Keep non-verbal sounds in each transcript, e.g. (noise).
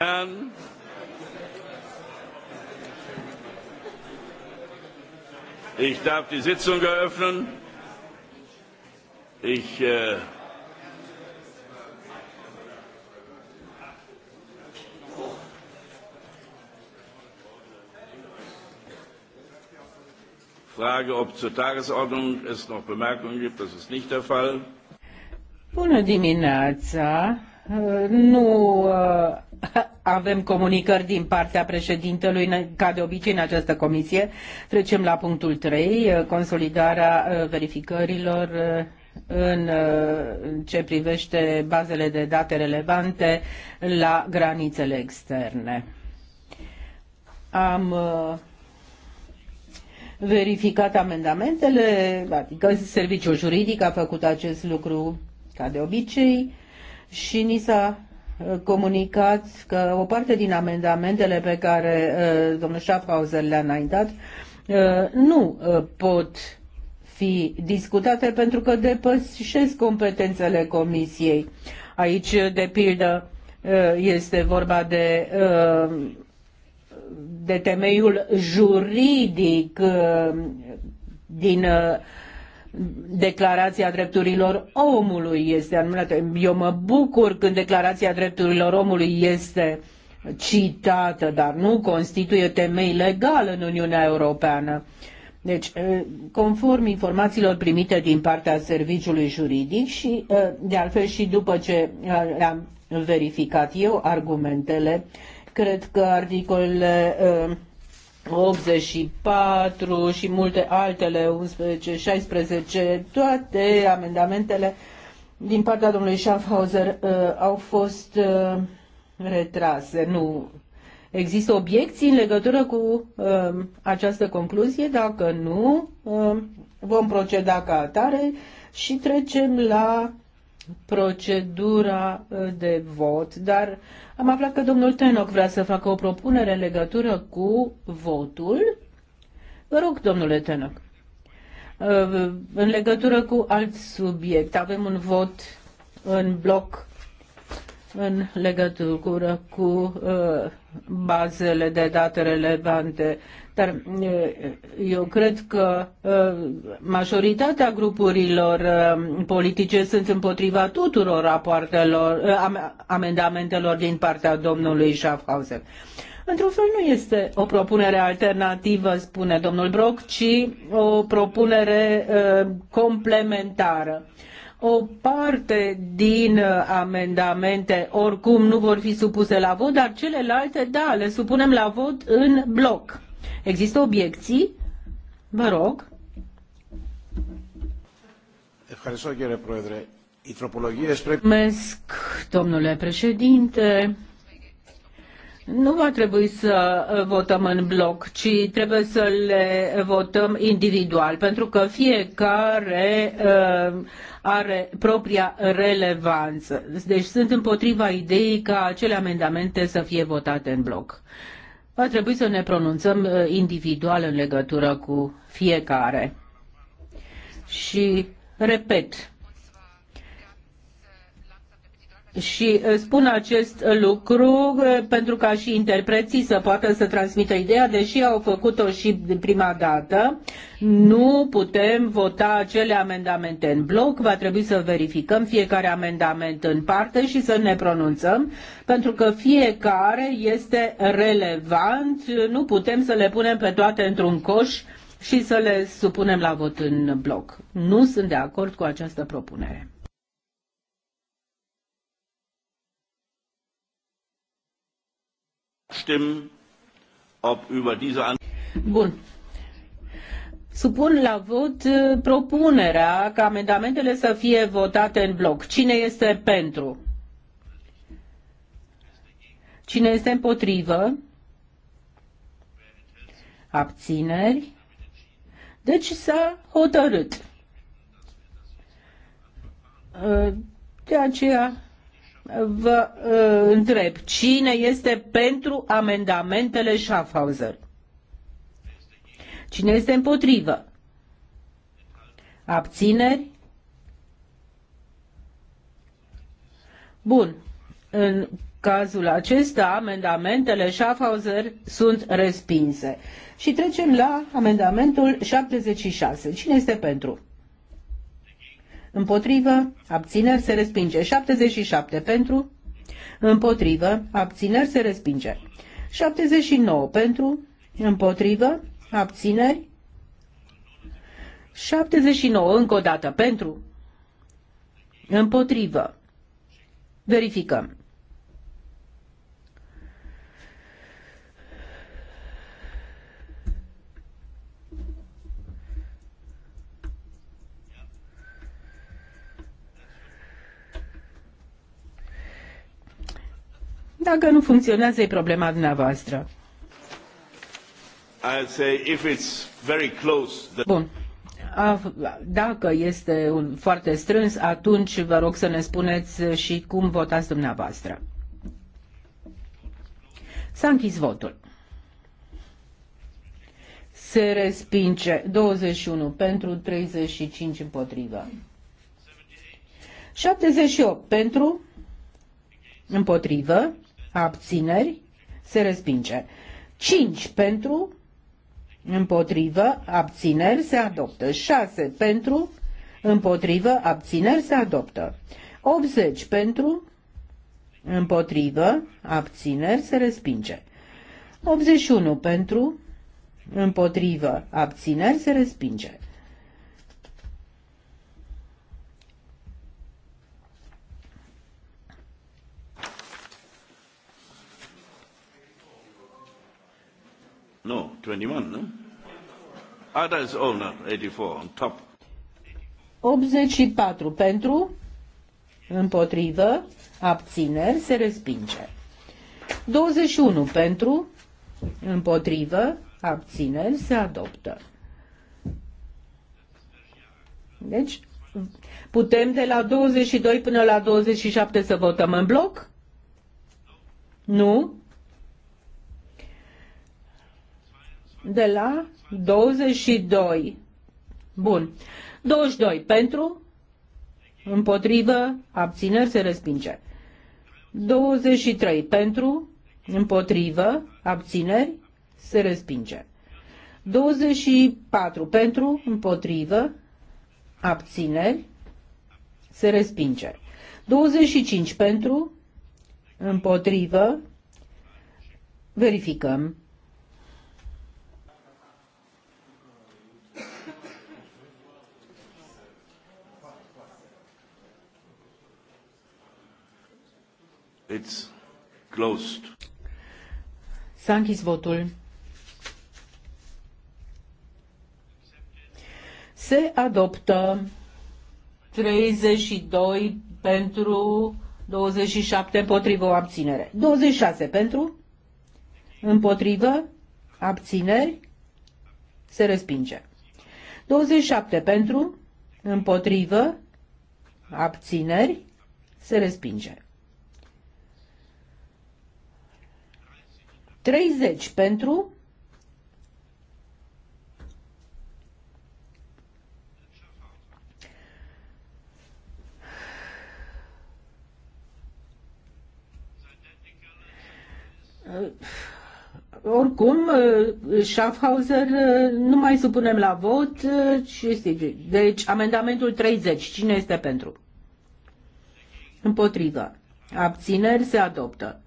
Um, ich darf die Sitzung eröffnen. Ich äh, frage, ob zur Tagesordnung es noch Bemerkungen gibt. Das ist nicht der Fall. Bună dimineața! Nu avem comunicări din partea președintelui, ca de obicei în această comisie. Trecem la punctul 3, uh, consolidarea uh, verificărilor uh, în ce privește bazele de date relevante la granițele externe. Am verificat amendamentele, adică serviciul juridic a făcut acest lucru ca de obicei și ni s-a comunicați că o parte din amendamentele pe care uh, domnul Schaffhauser le-a înaintat uh, nu uh, pot fi discutate pentru că depășesc competențele comisiei. Aici, de pildă, uh, este vorba de, uh, de temeiul juridic uh, din Declarația Drepturilor Omului este anulată. Eu mă bucur când Declarația Drepturilor Omului este citată, dar nu constituie temei legal în Uniunea Europeană. Deci, conform informațiilor primite din partea serviciului juridic și, de altfel, și după ce am verificat eu argumentele, cred că articolele 84 și multe altele, 11, 16, toate amendamentele din partea domnului Schaffhauser uh, au fost uh, retrase. Nu există obiecții în legătură cu uh, această concluzie. Dacă nu, uh, vom proceda ca atare și trecem la procedura uh, de vot, dar am aflat că domnul Tenoc vrea să facă o propunere în legătură cu votul. Vă rog, domnule Tenoc. Uh, în legătură cu alt subiect, avem un vot în bloc în legătură cu uh, bazele de date relevante dar eh, eu cred că eh, majoritatea grupurilor eh, politice sunt împotriva tuturor rapoartelor, amendamentelor din partea domnului Schaffhauser. Într-un fel nu este o propunere alternativă, spune domnul Brock, ci o propunere complementară o parte din amendamente oricum nu vor fi supuse la vot, dar celelalte, da, le supunem la vot în bloc. Există obiecții? Vă rog. Mulțumesc, domnule președinte. Nu va trebui să uh, votăm în bloc, ci trebuie să le votăm individual, pentru că fiecare uh, are propria relevanță. Deci sunt împotriva ideii ca acele amendamente să fie votate în bloc. Va trebui să ne pronunțăm uh, individual în legătură cu fiecare. Și, repet, și uh, spun acest lucru uh, pentru ca și interpreții să poată să transmită ideea, deși au făcut-o și prima dată. Nu putem vota acele amendamente în bloc, va trebui să verificăm fiecare amendament în parte și să ne pronunțăm, pentru că fiecare este relevant, nu putem să le punem pe toate într-un coș și să le supunem la vot în bloc. Nu sunt de acord cu această propunere. abstimmen, ob über diese An Bun. Supun la vot uh, propunerea ca amendamentele să fie votate în bloc. Cine este pentru? Cine este împotrivă? Abțineri? Deci s-a hotărât. Uh, de aceea vă uh, întreb, cine este pentru amendamentele Schaffhauser? Cine este împotrivă? Abțineri? Bun. În cazul acesta, amendamentele Schaffhauser sunt respinse. Și trecem la amendamentul 76. Cine este pentru? Împotrivă, abțineri se respinge. 77 pentru, împotrivă, abțineri se respinge. 79 pentru, împotrivă, abțineri. 79 încă o dată pentru, împotrivă. Verificăm. Dacă nu funcționează, e problema dumneavoastră. Bun. Dacă este un, foarte strâns, atunci vă rog să ne spuneți și cum votați dumneavoastră. S-a închis votul. Se respinge 21 pentru 35 împotrivă. 78 pentru împotrivă abțineri, se respinge. 5 pentru, împotrivă, abțineri, se adoptă. 6 pentru, împotrivă, abțineri, se adoptă. 80 pentru, împotrivă, abțineri, se respinge. 81 pentru, împotrivă, abțineri, se respinge. No, 21, nu? Ada is older, 84, on top. 84 pentru, împotrivă, abțineri, se respinge. 21 pentru, împotrivă, abțineri, se adoptă. Deci, putem de la 22 până la 27 să votăm în bloc? Nu? de la 22. Bun. 22 pentru, împotrivă, abțineri se respinge. 23 pentru, împotrivă, abțineri se respinge. 24 pentru, împotrivă, abțineri se respinge. 25 pentru, împotrivă, verificăm. It's closed. S-a închis votul. Se adoptă 32 pentru, 27 împotrivă o abținere. 26 pentru, împotrivă, abțineri, se respinge. 27 pentru, împotrivă, abțineri, se respinge. 30 pentru, Oricum, Schaffhauser nu mai supunem la vot. Deci, amendamentul 30. Cine este pentru? Împotrivă. Abțineri se adoptă.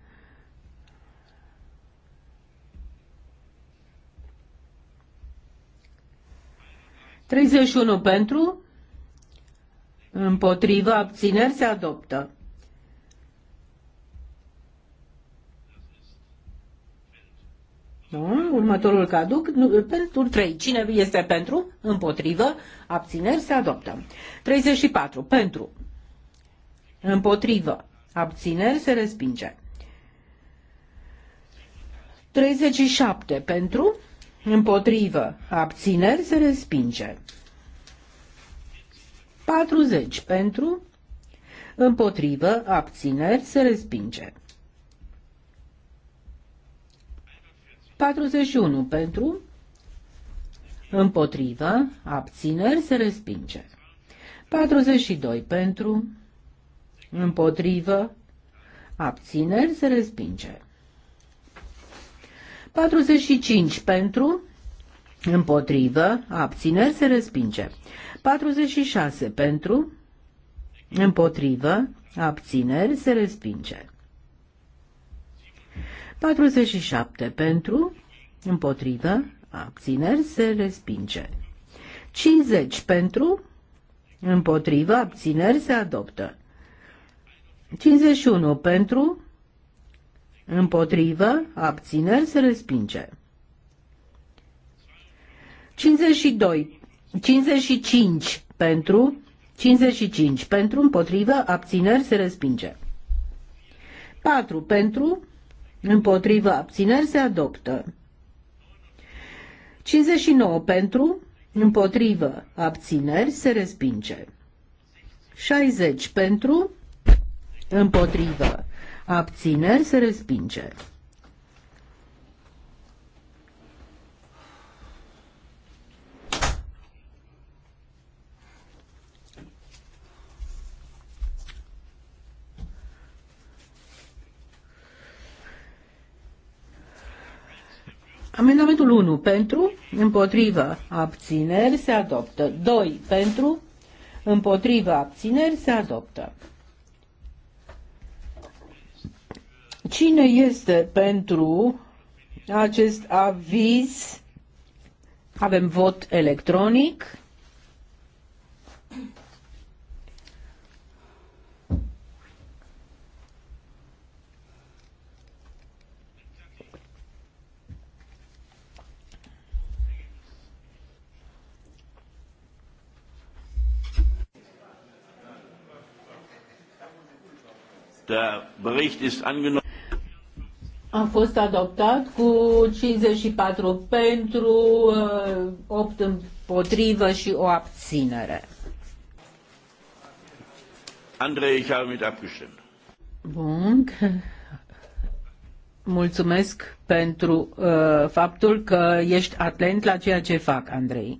31 pentru, împotriva, abțineri se adoptă. Nu? Următorul caduc, nu, pentru 3. Cine este pentru? Împotrivă. Abțineri se adoptă. 34. Pentru. Împotrivă. Abțineri se respinge. 37. Pentru împotrivă, abțineri, se respinge. 40 pentru, împotrivă, abțineri, se respinge. 41 pentru, împotrivă, abțineri, se respinge. 42 pentru, împotrivă, abțineri, se respinge. 45 pentru, împotrivă, abțineri, se respinge. 46 pentru, împotrivă, abțineri, se respinge. 47 pentru, împotrivă, abțineri, se respinge. 50 pentru, împotrivă, abțineri, se adoptă. 51 pentru, Împotrivă, abțineri, se respinge. 52. 55 pentru, 55 pentru, împotrivă, abțineri, se respinge. 4 pentru, împotrivă, abțineri, se adoptă. 59 pentru, împotrivă, abțineri, se respinge. 60 pentru, împotrivă, abțineri, se respinge. Amendamentul 1 pentru, împotrivă, abțineri se adoptă. 2 pentru, împotrivă, abțineri se adoptă. Cine este pentru acest aviz? Avem vot electronic. Der Bericht ist angenommen a fost adoptat cu 54 pentru, 8 uh, împotrivă și o abținere. Andrei, ich habe mit abgestimmt. Bun. Mulțumesc pentru uh, faptul că ești atent la ceea ce fac, Andrei.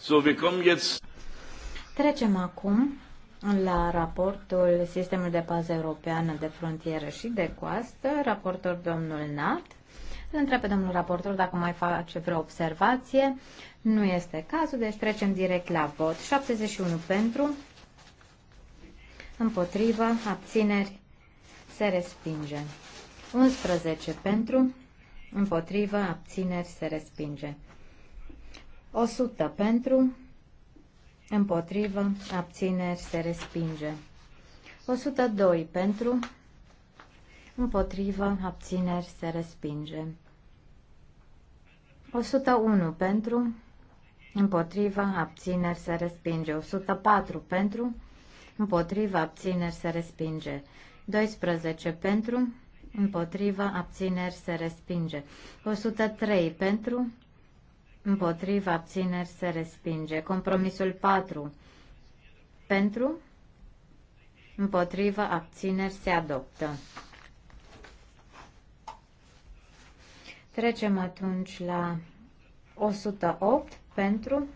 So, wir kommen jetzt... Trecem acum la raportul sistemul de Pază Europeană de Frontieră și de Coastă, raportor domnul Nat. Îl întreb pe domnul raportor dacă mai face vreo observație. Nu este cazul, deci trecem direct la vot. 71 pentru, împotrivă, abțineri, se respinge. 11 pentru, împotrivă, abțineri, se respinge. 100 pentru, împotrivă, abțineri, se respinge. 102 pentru, împotrivă, abțineri, se respinge. 101 pentru, împotrivă, abțineri, se respinge. 104 pentru, împotrivă, abțineri, se respinge. 12 pentru, împotrivă, abțineri, se respinge. 103 pentru, împotriva abțineri se respinge. Compromisul 4 pentru, împotriva abțineri se adoptă. Trecem atunci la 108 pentru,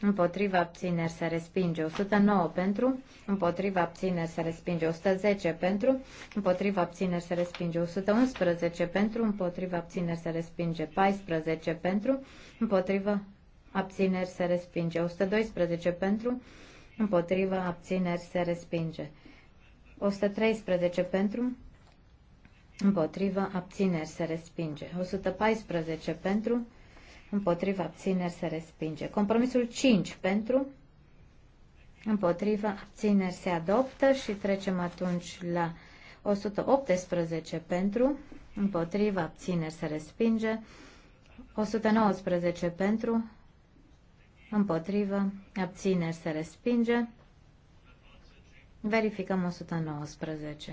împotriva abțineri se respinge 109 pentru, împotriva abțineri se respinge 110 pentru, împotriva abțineri se respinge 111 pentru, împotriva abțineri se respinge 14 pentru, împotriva abțineri se respinge 112 pentru, împotriva abțineri se respinge 113 pentru, împotriva abțineri se respinge 114 pentru, împotriva abțineri se respinge. Compromisul 5 pentru, împotriva abțineri se adoptă și trecem atunci la 118 pentru, împotriva abțineri se respinge, 119 pentru, Împotriva, abțineri se respinge, verificăm 119.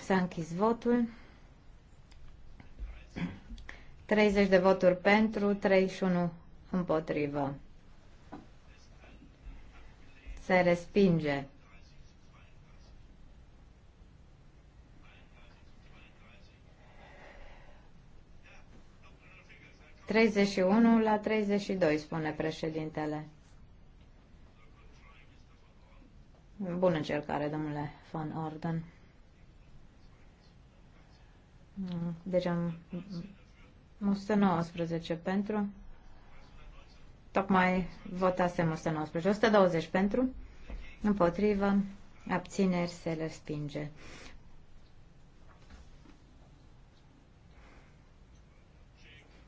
S-a închis votul. 30 de voturi pentru, 31 împotrivă. Se respinge. Treizeci și unu la treizeci și doi, spune președintele. Bună încercare, domnule Van Orden. Deci am 119 pentru. Tocmai votasem 119. 120 pentru. Împotrivă. Abțineri se respinge.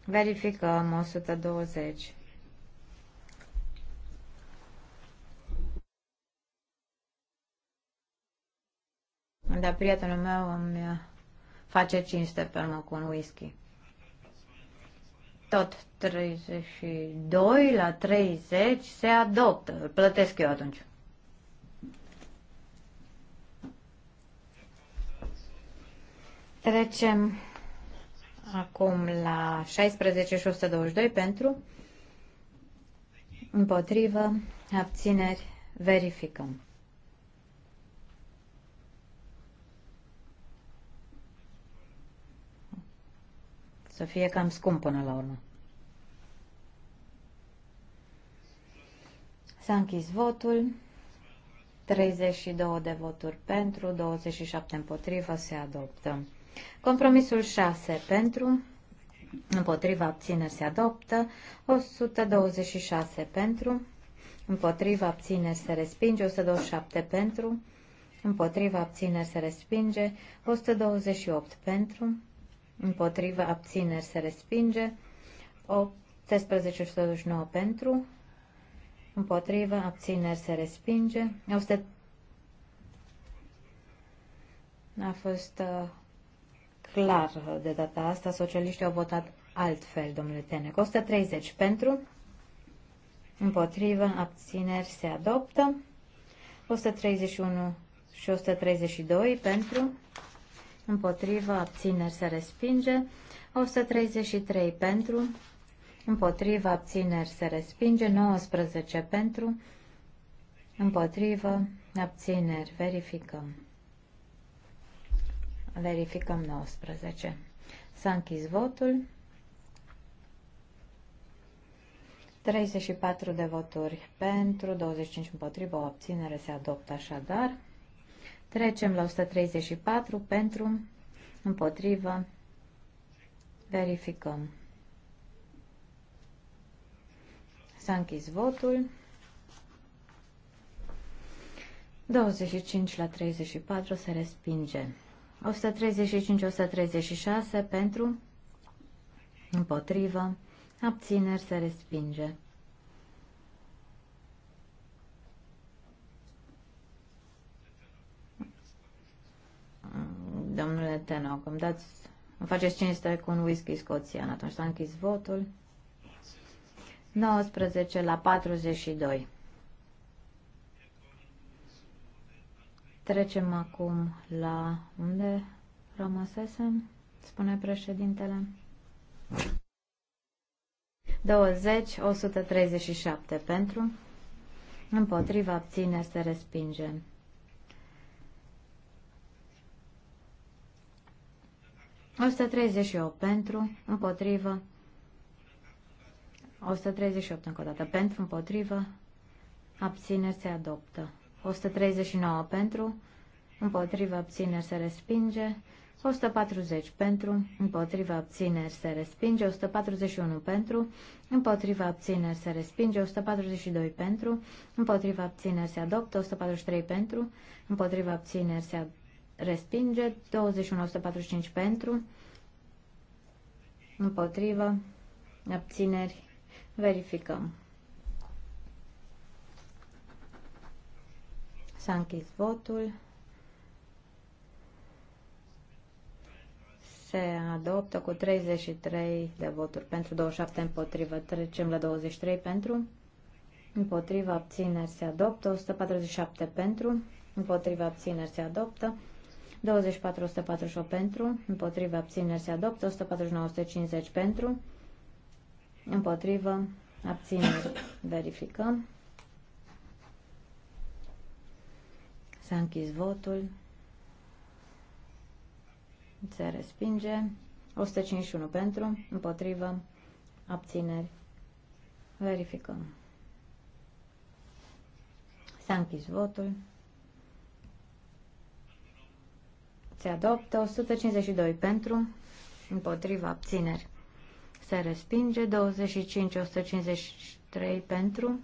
Verificăm 120. Dar prietenul meu îmi face cinste pe cu un whisky tot 32 la 30 se adoptă. Îl plătesc eu atunci. Trecem acum la 16 și 122 pentru împotrivă abțineri verificăm. să fie cam scump până la urmă. S-a închis votul. 32 de voturi pentru, 27 împotrivă, se adoptă. Compromisul 6 pentru, împotriva abține, se adoptă, 126 pentru, împotriva abține, se respinge, 127 pentru, împotriva abține, se respinge, 128 pentru, împotrivă, abțineri se respinge, 18 129 pentru, împotrivă, abțineri se respinge, 100 a fost uh, clar de data asta, socialiștii au votat altfel, domnule Tenec. 130 pentru, împotrivă, abțineri se adoptă, 131 și 132 pentru, împotrivă, abțineri se respinge, 133 pentru, împotrivă, abțineri se respinge, 19 pentru, împotrivă, abțineri, verificăm. Verificăm 19. S-a închis votul. 34 de voturi pentru, 25 împotrivă, o abținere se adoptă așadar. Trecem la 134 pentru, împotrivă, verificăm. S-a închis votul. 25 la 34 se respinge. 135-136 pentru, împotrivă, abțineri se respinge. domnule Tenoc. Îmi dați, îmi faceți cinste cu un whisky scoțian. Atunci s-a închis votul. 19 la 42. Trecem acum la unde rămăsesem, spune președintele. 20, 137 pentru, împotriva abține se respinge. 138 pentru, împotrivă, 138 încă o dată, pentru, împotrivă, abțineri se adoptă. 139 pentru, împotrivă, abțineri se respinge. 140 pentru, împotriva abțineri se respinge, 141 pentru, împotriva abțineri se respinge, 142 pentru, împotriva abțineri se adoptă, 143 pentru, împotriva abțineri se adoptă respinge, 21.145 pentru, împotrivă, abțineri, verificăm. S-a închis votul. Se adoptă cu 33 de voturi pentru, 27 împotrivă. Trecem la 23 pentru. Împotriva abțineri se adoptă, 147 pentru, împotriva abțineri se adoptă, 2448 pentru, împotriva abțineri se adoptă, 149150 pentru, împotriva abțineri (coughs) verificăm. S-a închis votul. Se respinge. 151 pentru, împotrivă, abțineri. Verificăm. S-a închis votul. se adoptă 152 pentru, împotriva abțineri se respinge 25 153 pentru,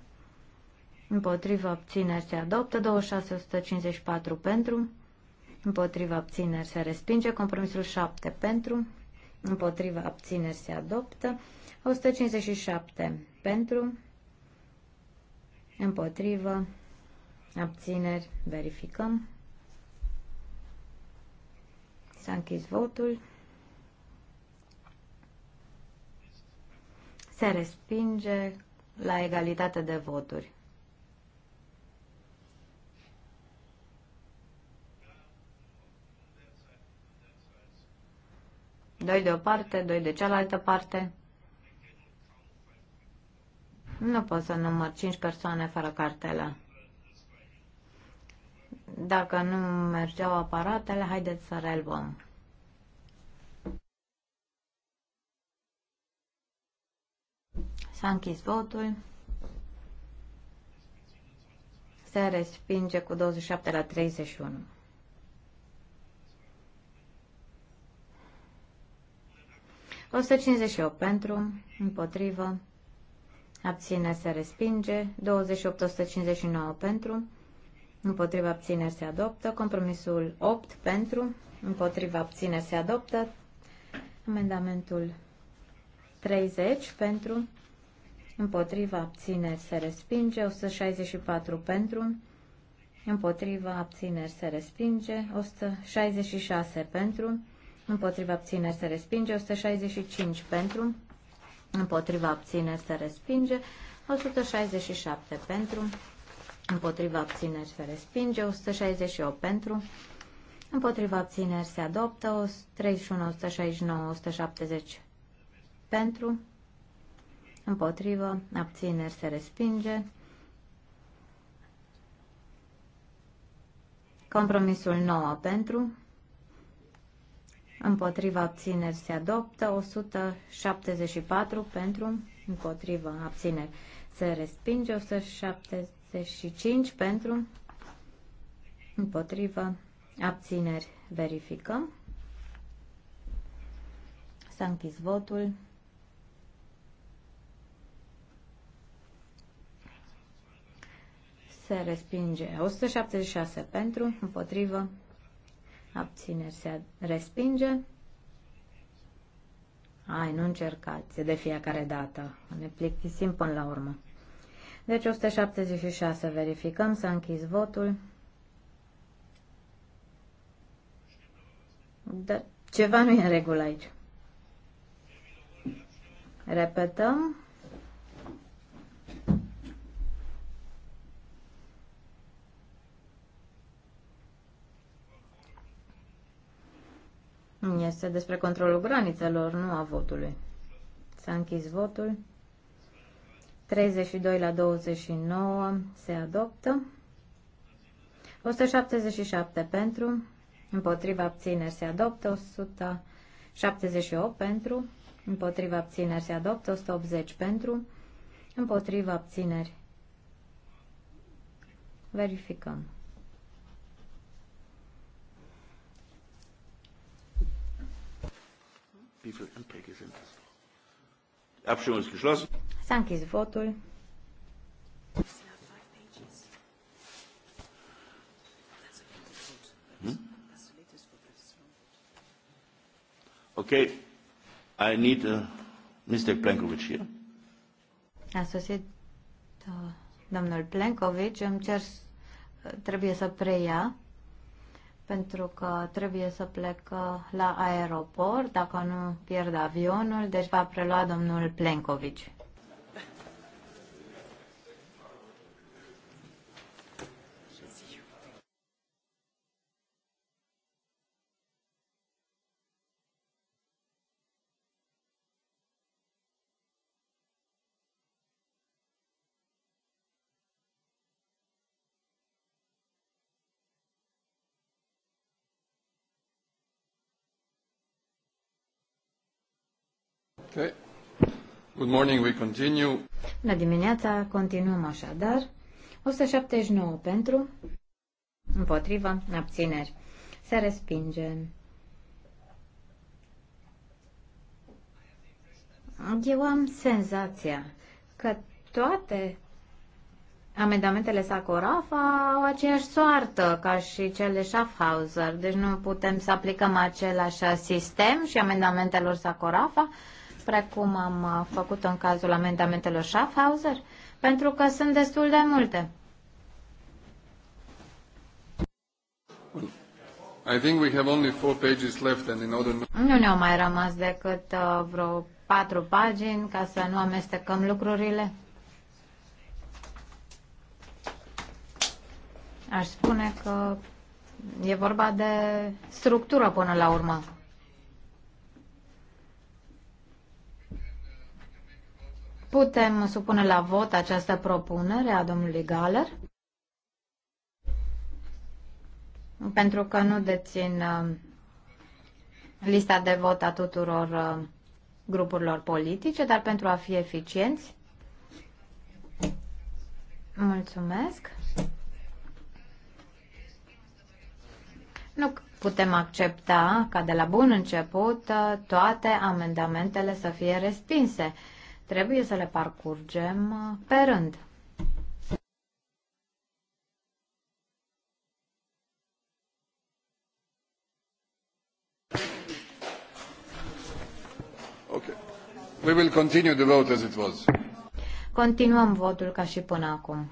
împotriva abțineri se adoptă 26 154 pentru, împotriva abțineri se respinge compromisul 7 pentru, împotriva abțineri se adoptă 157 pentru, împotriva abțineri verificăm S-a închis votul. Se respinge la egalitate de voturi. Doi de o parte, doi de cealaltă parte. Nu pot să număr cinci persoane fără cartelă. Dacă nu mergeau aparatele, haideți să relbăm. S-a închis votul. Se respinge cu 27 la 31. O 158 pentru, împotrivă, abține, se respinge, 28-159 pentru, împotriva abțineri se adoptă. Compromisul 8 pentru, împotriva abțineri se adoptă. Amendamentul 30 pentru, împotriva abțineri se respinge. 164 pentru, împotriva abțineri se respinge. 166 pentru, împotriva abțineri se respinge. 165 pentru, împotriva abțineri se respinge. 167 pentru, împotriva abțineri se respinge, 168 pentru, împotriva abțineri se adoptă, 31, 169, 170 pentru, împotriva abțineri se respinge, compromisul 9 pentru, Împotriva abțineri se adoptă 174 pentru, împotriva abțineri se respinge 170 35 pentru, împotrivă, abțineri, verificăm. S-a închis votul. Se respinge 176 pentru, împotrivă, abțineri, se respinge. Ai, nu încercați de fiecare dată. Ne plictisim până la urmă. Deci 176 verificăm, s-a închis votul. Dar ceva nu e în regulă aici. Repetăm. Este despre controlul granițelor, nu a votului. S-a închis votul. 32 la 29 se adoptă. 177 pentru, împotriva abțineri se adoptă. 178 pentru, împotriva abțineri se adoptă. 180 pentru, împotriva abțineri. Verificăm. Wie viele Anträge sind das? Abstimmung ist geschlossen. S-a închis votul. Ok, I need uh, Mr. Plenkovic here. A sosit uh, domnul Plenkovic, îmi cer, uh, trebuie să preia pentru că trebuie să plec uh, la aeroport, dacă nu pierd avionul, deci va prelua domnul Plenkovic. Okay. Good morning, we continue. Bună dimineața, continuăm așadar. 179 pentru, împotrivă, abțineri. Se respinge. Eu am senzația că toate amendamentele Sacorafa au aceeași soartă ca și cele Schaffhauser, deci nu putem să aplicăm același sistem și amendamentelor Sacorafa, precum am uh, făcut în cazul amendamentelor Schaffhauser? Pentru că sunt destul de multe. I think we have only four pages left and in order... Nu ne-au mai rămas decât uh, vreo patru pagini ca să nu amestecăm lucrurile. Aș spune că e vorba de structură până la urmă. Putem supune la vot această propunere a domnului Galer? Pentru că nu dețin uh, lista de vot a tuturor uh, grupurilor politice, dar pentru a fi eficienți. Mulțumesc. Nu putem accepta ca de la bun început uh, toate amendamentele să fie respinse. Trebuie să le parcurgem uh, pe rând. Okay. We will continue the vote as it was. Continuăm votul ca și până acum.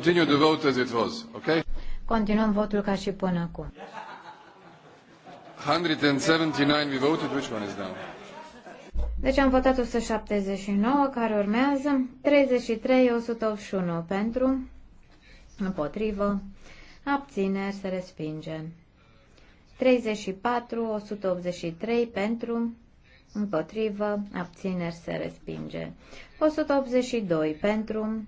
continue the vote as it was, okay? Continuăm votul ca și până acum. 179 we voted, which one is down? Deci am votat 179, care urmează 33, 181 pentru, împotrivă, abțineri, se respinge. 34, 183 pentru, împotrivă, abțineri, se respinge. 182 pentru,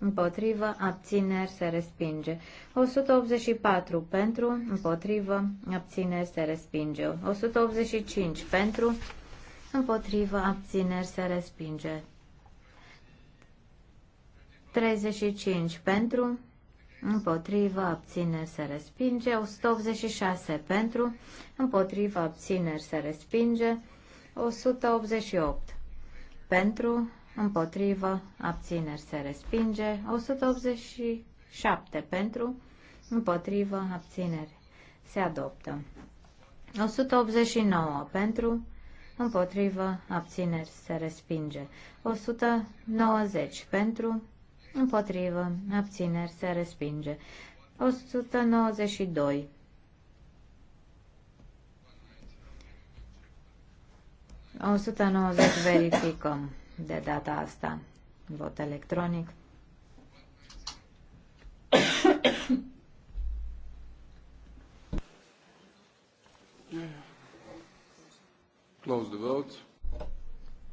împotrivă, abțineri, se respinge. 184 pentru, împotrivă, abțineri, se respinge. 185 pentru, împotrivă, abțineri, se respinge. 35 pentru, împotrivă, abțineri, se respinge. 186 pentru, împotrivă, abțineri, se respinge. 188 pentru, împotrivă, abțineri se respinge, 187 pentru, împotrivă, abțineri se adoptă, 189 pentru, împotrivă, abțineri se respinge, 190 pentru, împotrivă, abțineri se respinge, 192 192 verificăm de data asta. Vot electronic. Close the vote.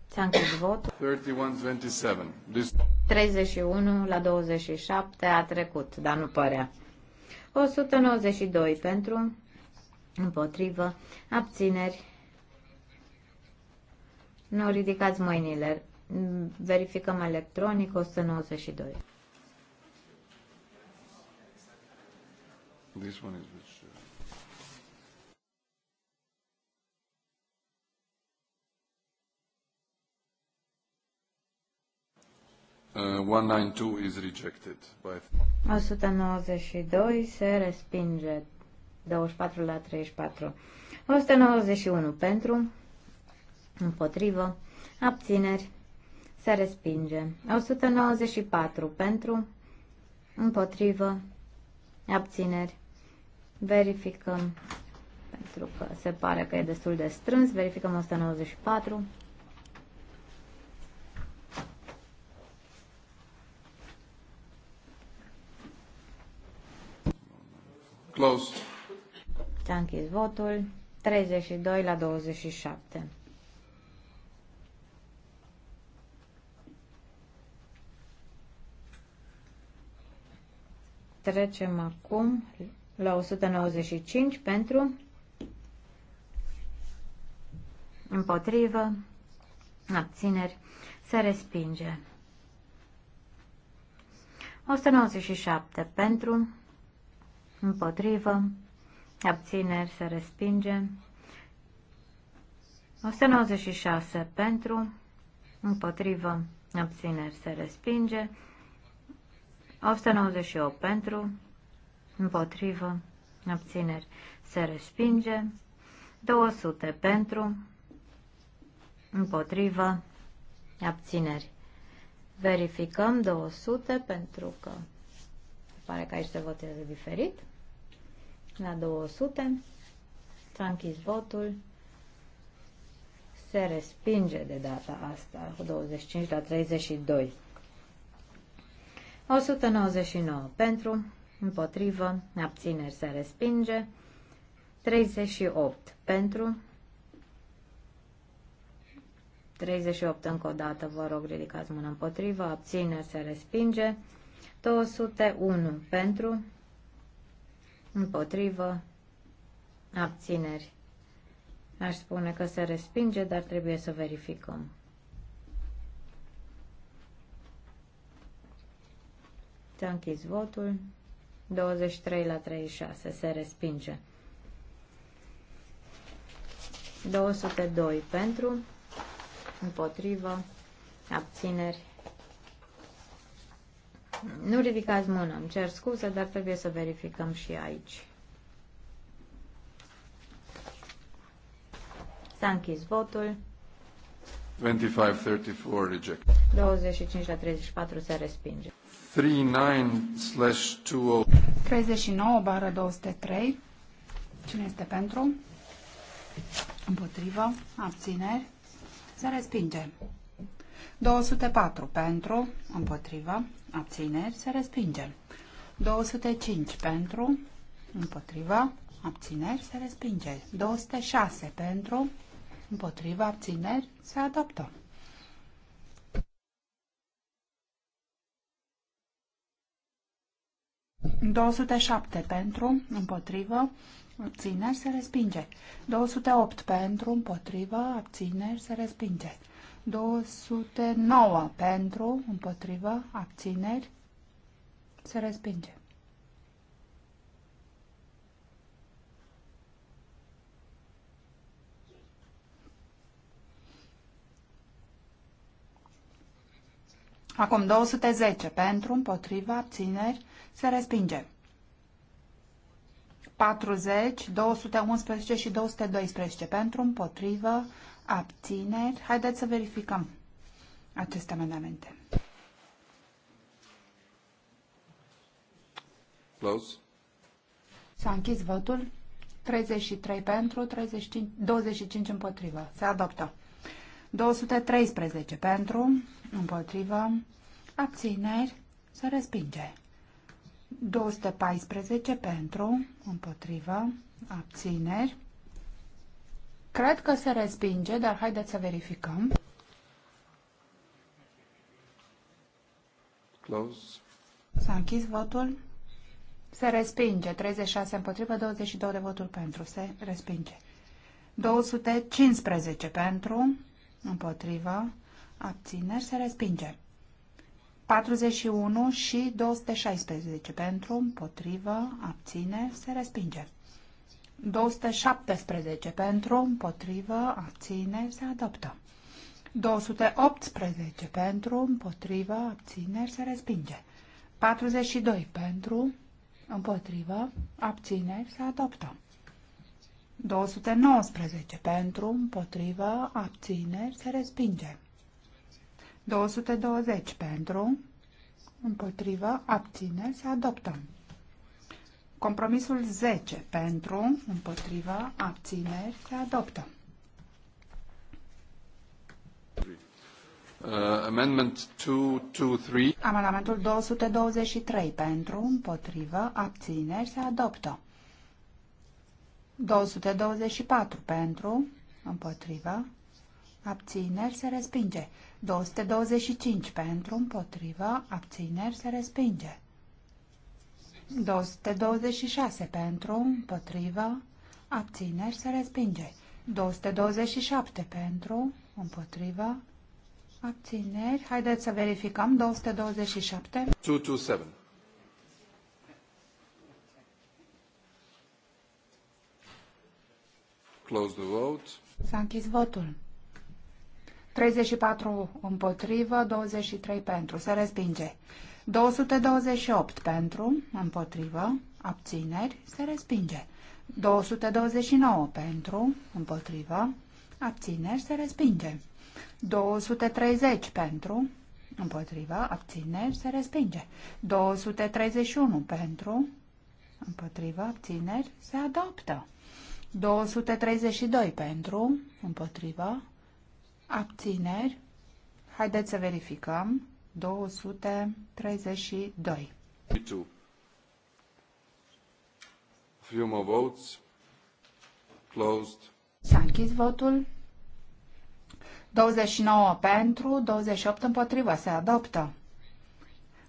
S-a închis votul. 31, 31 la 27 a trecut, dar nu părea. 192 pentru, împotrivă, abțineri. Nu ridicați mâinile. Verificăm electronic 192. This one is which, uh... Uh, 192 is rejected by... 192 se respinge 24 la 34. 191 pentru, împotrivă, abțineri, se respinge. 194 pentru, împotrivă, abțineri. Verificăm, pentru că se pare că e destul de strâns. Verificăm 194. Close. S-a închis votul. 32 la 27. Trecem acum la 195 pentru împotrivă, abțineri, se respinge. 197 pentru, împotrivă, abțineri, se respinge. 196 pentru, împotrivă, abțineri, se respinge. 898 pentru, împotrivă, abțineri se respinge, 200 pentru, împotrivă, abțineri. Verificăm 200 pentru că pare că aici se votează diferit. La 200 s-a închis votul. Se respinge de data asta cu 25 la 32. 199 pentru, împotrivă, abțineri se respinge. 38 pentru, 38 încă o dată, vă rog, ridicați mâna împotrivă, abțineri se respinge. 201 pentru, împotrivă, abțineri. Aș spune că se respinge, dar trebuie să verificăm. ți a închis votul. 23 la 36 se respinge. 202 pentru, împotrivă, abțineri. Nu ridicați mână. îmi cer scuze, dar trebuie să verificăm și aici. S-a închis votul. 25, 34, 25 la 34 se respinge. 39 bară 203. Cine este pentru? Împotrivă. Abțineri. Se respinge. 204 pentru. Împotrivă. Abțineri. Se respinge. 205 pentru. Împotrivă. Abțineri. Se respinge. 206 pentru. Împotrivă. Abțineri. Se adoptă. 207 pentru, împotrivă, abțineri, se respinge. 208 pentru, împotrivă, abțineri, se respinge. 209 pentru, împotrivă, abțineri, se respinge. Acum 210 pentru, împotriva, abțineri, se respinge. 40, 211 și 212 pentru, împotrivă, abțineri. Haideți să verificăm aceste amendamente. Close. S-a închis votul. 33 pentru, 35, 25 împotrivă. Se adoptă. 213 pentru, împotrivă, abțineri, se respinge. 214 pentru, împotrivă, abțineri. Cred că se respinge, dar haideți să verificăm. Close. S-a închis votul. Se respinge. 36 împotrivă, 22 de voturi pentru. Se respinge. 215 pentru, împotrivă, abțineri, se respinge. 41 și 216 pentru, împotrivă, abține, se respinge. 217 pentru, împotrivă, abține, se adoptă. 218 pentru, împotrivă, abține, se respinge. 42 pentru, împotrivă, abține, se adoptă. 219 pentru, împotrivă, abține, se respinge. 220 pentru, împotrivă, abține, se adoptă. Compromisul 10 pentru, împotrivă, abține, se adoptă. Uh, amendment 223. Amendamentul 223 pentru, împotrivă, abțineri, se adoptă. 224 uh, pentru, împotrivă, abțineri, se respinge. 225 pentru, împotrivă, abțineri, se respinge. 226 pentru, împotrivă, abțineri, se respinge. 227 pentru, împotrivă, abțineri. Haideți să verificăm. 227. 227. Close the vote. S-a închis votul. 34 împotrivă, 23 pentru. Se respinge. 228 pentru, împotrivă, abțineri, se respinge. 229 pentru, împotrivă, abțineri, se respinge. 230 pentru, împotrivă, abțineri, se respinge. 231 pentru, împotrivă, abțineri, se adoptă. 232 pentru, împotrivă, Abțineri. Haideți să verificăm. 232. Two. Few more votes. Closed. S-a închis votul. 29 pentru, 28 împotrivă. Se adoptă.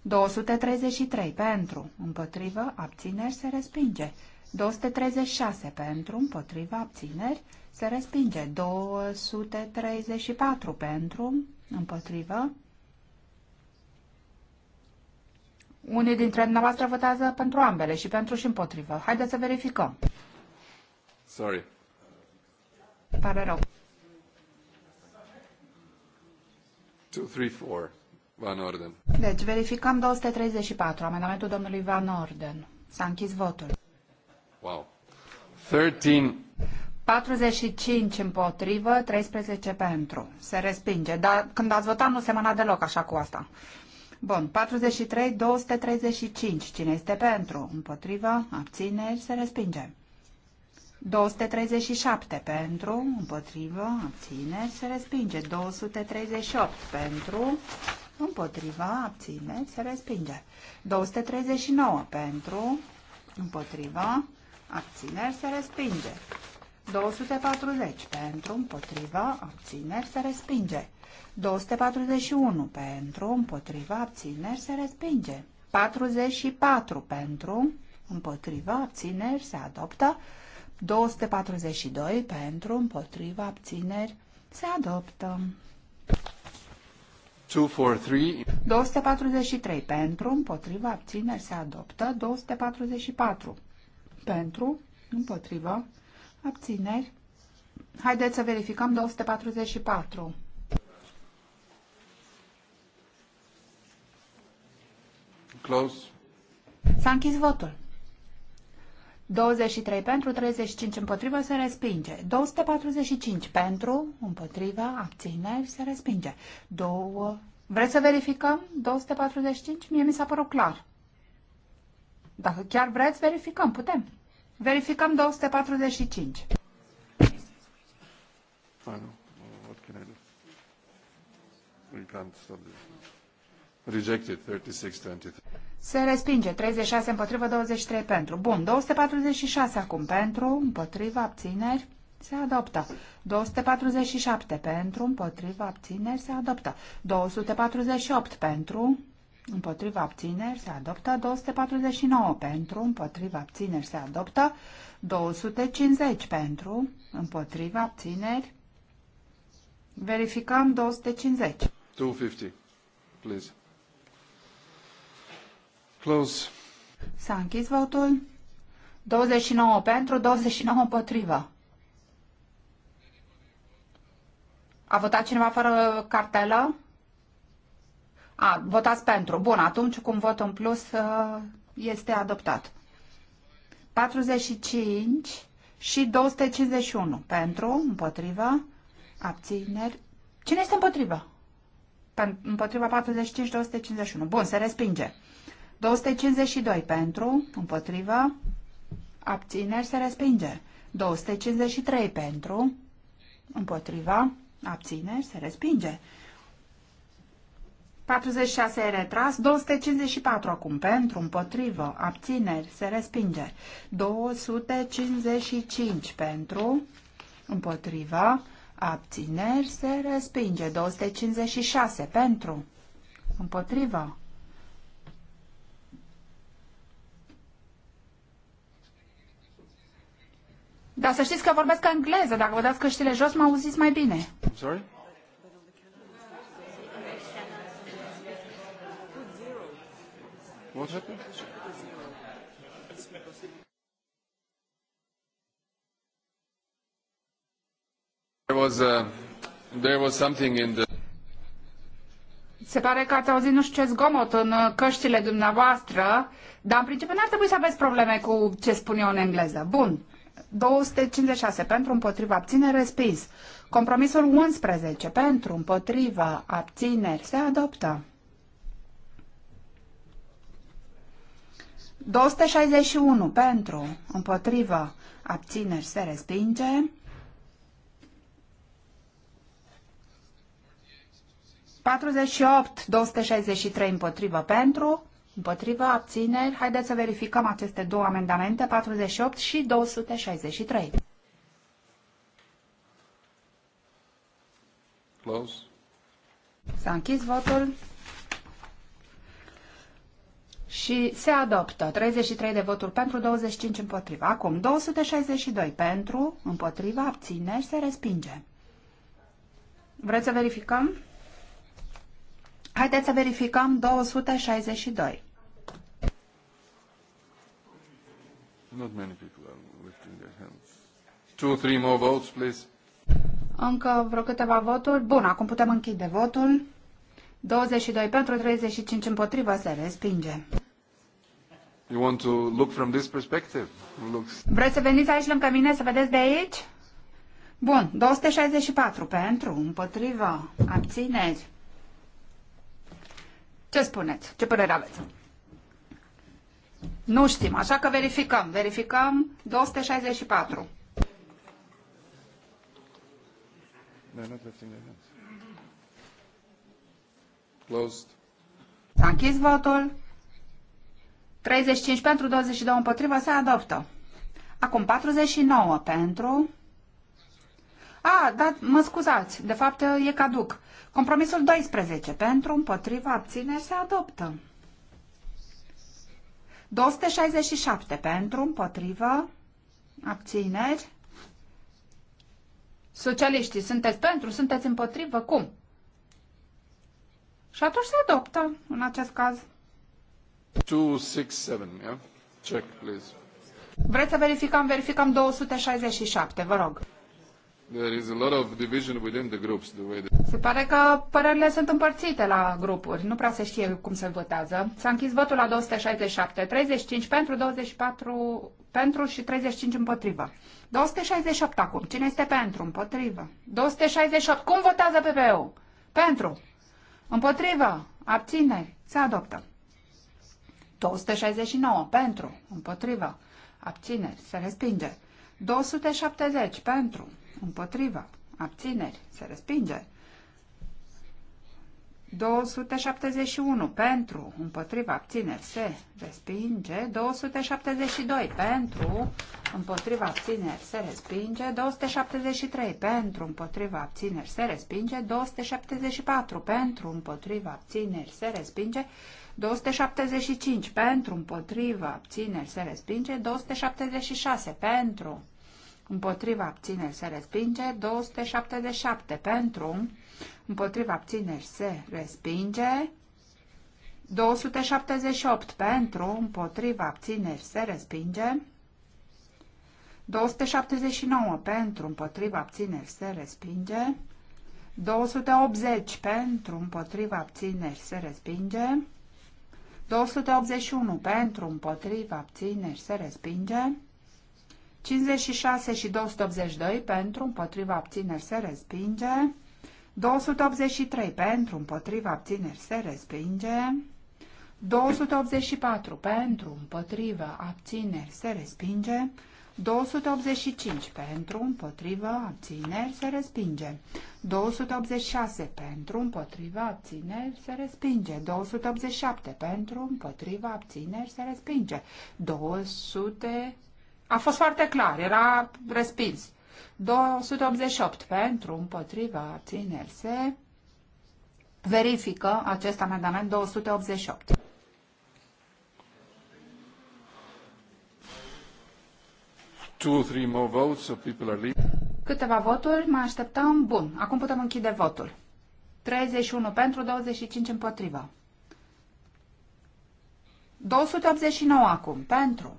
233 pentru, împotrivă, abțineri, se respinge. 236 pentru, împotriva abțineri, se respinge. 234 pentru, împotrivă. Unii dintre dumneavoastră votează pentru ambele și pentru și împotrivă. Haideți să verificăm. Sorry. Pare rău. 234, Van Orden. Deci verificăm 234, amendamentul domnului Van Orden. S-a închis votul. Wow. 13. 45 împotrivă, 13 pentru. Se respinge. Dar când ați votat nu semăna deloc așa cu asta. Bun, 43, 235. Cine este pentru? Împotrivă, abțineri, se respinge. 237 pentru, împotrivă, abțineri, se respinge. 238 pentru, împotrivă, abțineri, se respinge. 239 pentru, împotrivă, abțineri se respinge. 240 pentru, împotriva, abțineri se respinge. 241 pentru, împotriva, abțineri se respinge. 44 pentru, împotriva, abțineri se adoptă. 242 pentru, împotriva, abțineri se adoptă. 243. 243 pentru, împotriva, abțineri se adoptă. 244 pentru, împotrivă, abțineri. Haideți să verificăm 244. Close. S-a închis votul. 23 pentru, 35 împotrivă, se respinge. 245 pentru, împotrivă, abțineri, se respinge. Două... Vreți să verificăm? 245? Mie mi s-a părut clar. Dacă chiar vreți, verificăm. Putem. Verificăm 245. We ah, can't Rejected, 36, Se respinge, 36 împotrivă, 23 pentru. Bun, 246 acum pentru, împotriva, abțineri, se adoptă. 247 pentru, împotriva, abțineri, se adoptă. 248 pentru, împotriva abțineri se adoptă 249 pentru, împotriva abțineri se adoptă 250 pentru, împotriva abțineri. Verificăm 250. 250, please. Close. S-a închis votul. 29 pentru, 29 împotriva. A votat cineva fără cartelă? A, votați pentru. Bun, atunci cum vot în plus uh, este adoptat. 45 și 251 pentru, împotriva, abțineri. Cine este împotriva? Împotriva 45, 251. Bun, se respinge. 252 pentru, împotriva, abțineri, se respinge. 253 pentru, împotriva, abțineri, se respinge. 46 e retras, 254 acum pentru, împotrivă, abțineri, se respinge. 255 pentru, împotrivă, abțineri, se respinge. 256 pentru, împotrivă. Dar să știți că vorbesc engleză, dacă vă dați căștile jos, mă auziți mai bine. sorry? There was, uh, there was something in the... Se pare că ați auzit nu știu ce zgomot în uh, căștile dumneavoastră, dar în principiu n-ar trebui să aveți probleme cu ce spun eu în engleză. Bun. 256 pentru împotriva abțineri respins. Compromisul 11 pentru împotriva abțineri se adoptă. 261 pentru, împotrivă, abțineri se respinge. 48, 263 împotrivă pentru, împotrivă, abțineri. Haideți să verificăm aceste două amendamente, 48 și 263. S-a închis votul și se adoptă 33 de voturi pentru, 25 împotriva. Acum 262 pentru, împotriva, și se respinge. Vreți să verificăm? Haideți să verificăm 262. Not many people are lifting their hands. Two, three more votes, please. Încă vreo câteva voturi. Bun, acum putem închide votul. 22 pentru, 35 împotriva se respinge. You want to look from this perspective? Looks... Vreți să veniți aici lângă mine să vedeți de aici? Bun, 264 pentru, împotriva, abțineți. Ce spuneți? Ce părere aveți? Nu știm, așa că verificăm. Verificăm 264. No, not Closed. S-a închis votul. 35 pentru, 22 împotriva, se adoptă. Acum 49 pentru... A, da, mă scuzați, de fapt e caduc. Compromisul 12 pentru, împotriva, abține, se adoptă. 267 pentru, împotriva, abțineri. Socialiștii, sunteți pentru, sunteți împotrivă? Cum? Și atunci se adoptă în acest caz. 267, yeah? Check, please. Vreți să verificăm? Verificăm 267, vă rog. There is a lot of division within the groups, the way they... Se pare că părerile sunt împărțite la grupuri. Nu prea se știe cum se votează. S-a închis votul la 267. 35 pentru, 24 pentru și 35 împotrivă. 268 acum. Cine este pentru? Împotrivă. 268. Cum votează PPU? Pentru. Împotrivă. Abțineri. Se adoptă. 269. Pentru. Împotrivă. Abțineri. Se respinge. 270. Pentru. Împotrivă. Abțineri. Se respinge. 271 pentru, împotriva, abțineri, se respinge. 272 pentru, împotriva, abțineri, se respinge. 273 pentru, împotriva, abțineri, se respinge. 274 pentru, împotriva, abțineri, se respinge. 275 pentru, împotriva, abțineri, se respinge. 276 pentru, împotriva, abțineri, se respinge. 277 pentru, împotriva abțineri se respinge. 278 pentru, împotriva abțineri se respinge. 279 pentru, împotriva abțineri se respinge. 280 pentru, împotriva abțineri se respinge. 281 pentru, împotriva abțineri se respinge. 56 și 282 pentru, împotriva abțineri se respinge. 283 pentru, împotriva, abțineri, se respinge. 284 pentru, împotriva, abțineri, se respinge. 285 pentru, împotriva, abțineri, se respinge. 286 pentru, împotriva, abțineri, se respinge. 287 pentru, împotriva, abțineri, se respinge. 200... A fost foarte clar, era respins. 288 pentru, împotriva, abțineri se verifică acest amendament 288. Two, three more votes, so people are Câteva voturi, mai așteptăm. Bun, acum putem închide votul. 31 pentru, 25 împotriva. 289 acum, pentru,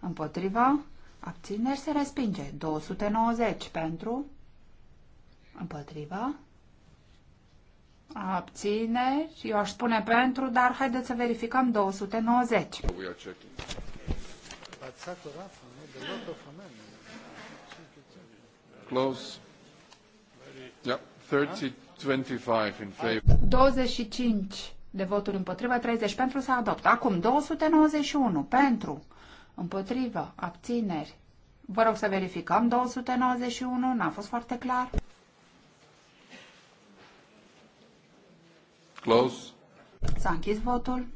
împotriva, Abțineri se respinge. 290 pentru. Împotriva. Abțineri. Eu aș spune pentru, dar haideți să verificăm 290. Close. Yeah, 30, 25 in favor. 25 de voturi împotriva, 30 pentru s-a adoptat. Acum 291 pentru. Împotrivă. Abțineri. Vă rog să verificăm. 291. N-a fost foarte clar. Close. S-a închis votul.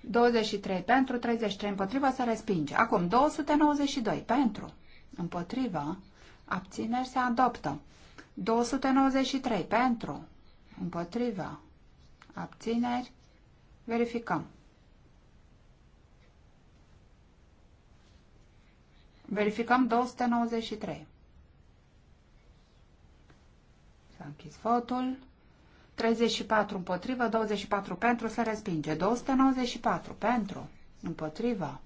23 pentru, 33 împotrivă, se respinge. Acum, 292 pentru, împotrivă, abțineri se adoptă. 293 pentru, împotrivă, abțineri, verificăm. Verificăm 293. S-a închis votul. 34 împotrivă, 24 pentru, se respinge. 294 pentru, împotrivă,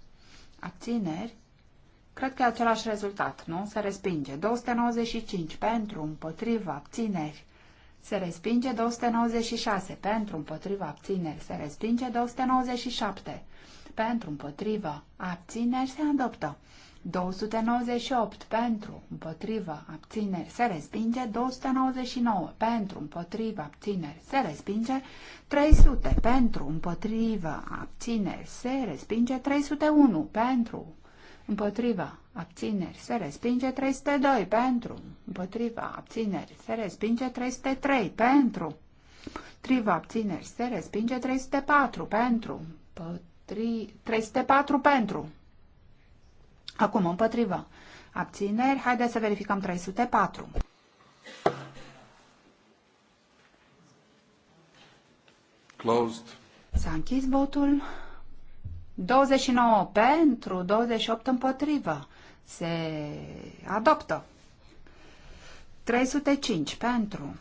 abțineri. Cred că e același rezultat, nu? Se respinge. 295 pentru, împotrivă, abțineri. Se respinge 296 pentru împotriva abțineri. Se respinge 297 pentru împotriva abțineri. Se adoptă. 298 pentru, împotrivă, abțineri, se respinge. 299 pentru, împotrivă, abțineri, se respinge. 300 pentru, împotrivă, abțineri, se respinge. 301 pentru, împotrivă, abțineri, se respinge 302, pentru, împotrivă, abțineri, se respinge 303, pentru, împotrivă, abțineri, se respinge 304, pentru, împotri, 304, pentru, Acum împotrivă. Abțineri. Haideți să verificăm 304. Closed. S-a închis votul. 29 pentru, 28 împotrivă. Se adoptă. 305 pentru.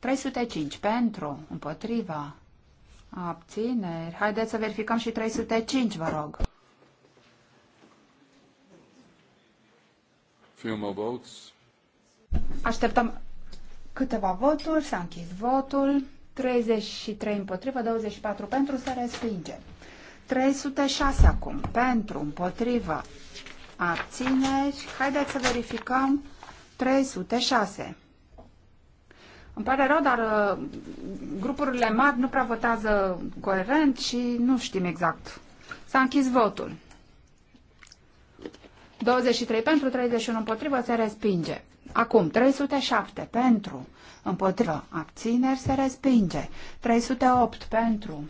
305 pentru, împotrivă. Abțineri. Haideți să verificăm și 305, vă rog. Așteptăm câteva voturi, s-a închis votul, 33 împotrivă, 24 pentru, se respinge. 306 acum, pentru, împotrivă, abțineri. Haideți să verificăm 306. Îmi pare rău, dar uh, grupurile mari nu prea votează coerent și nu știm exact. S-a închis votul. 23 pentru, 31 împotrivă, se respinge. Acum, 307 pentru, împotrivă, abțineri, se respinge. 308 pentru,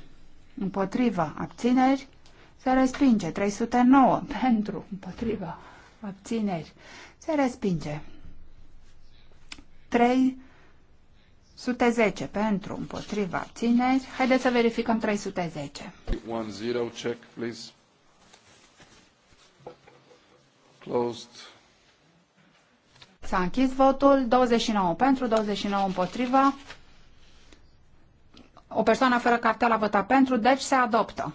împotrivă, abțineri, se respinge. 309 pentru, împotrivă, abțineri, se respinge. 310 pentru, împotriva, abțineri. Haideți să verificăm 310. 1 check, please. Closed. S-a închis votul. 29 pentru, 29 împotriva. O persoană fără cartel a votat pentru, deci se adoptă.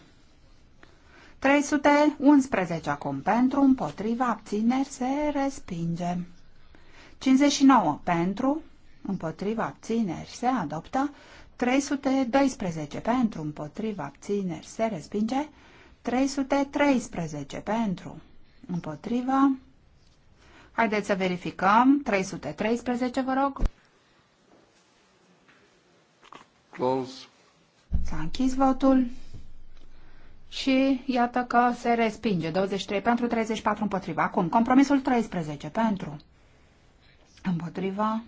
311 acum pentru, împotriva, abțineri, se respinge. 59 pentru, împotriva, abțineri, se adoptă. 312 pentru, împotriva, abțineri, se respinge. 313 pentru, împotriva. Haideți să verificăm. 313, vă rog. Close. S-a închis votul și iată că se respinge. 23 pentru, 34 împotriva. Acum, compromisul 13 pentru, împotriva,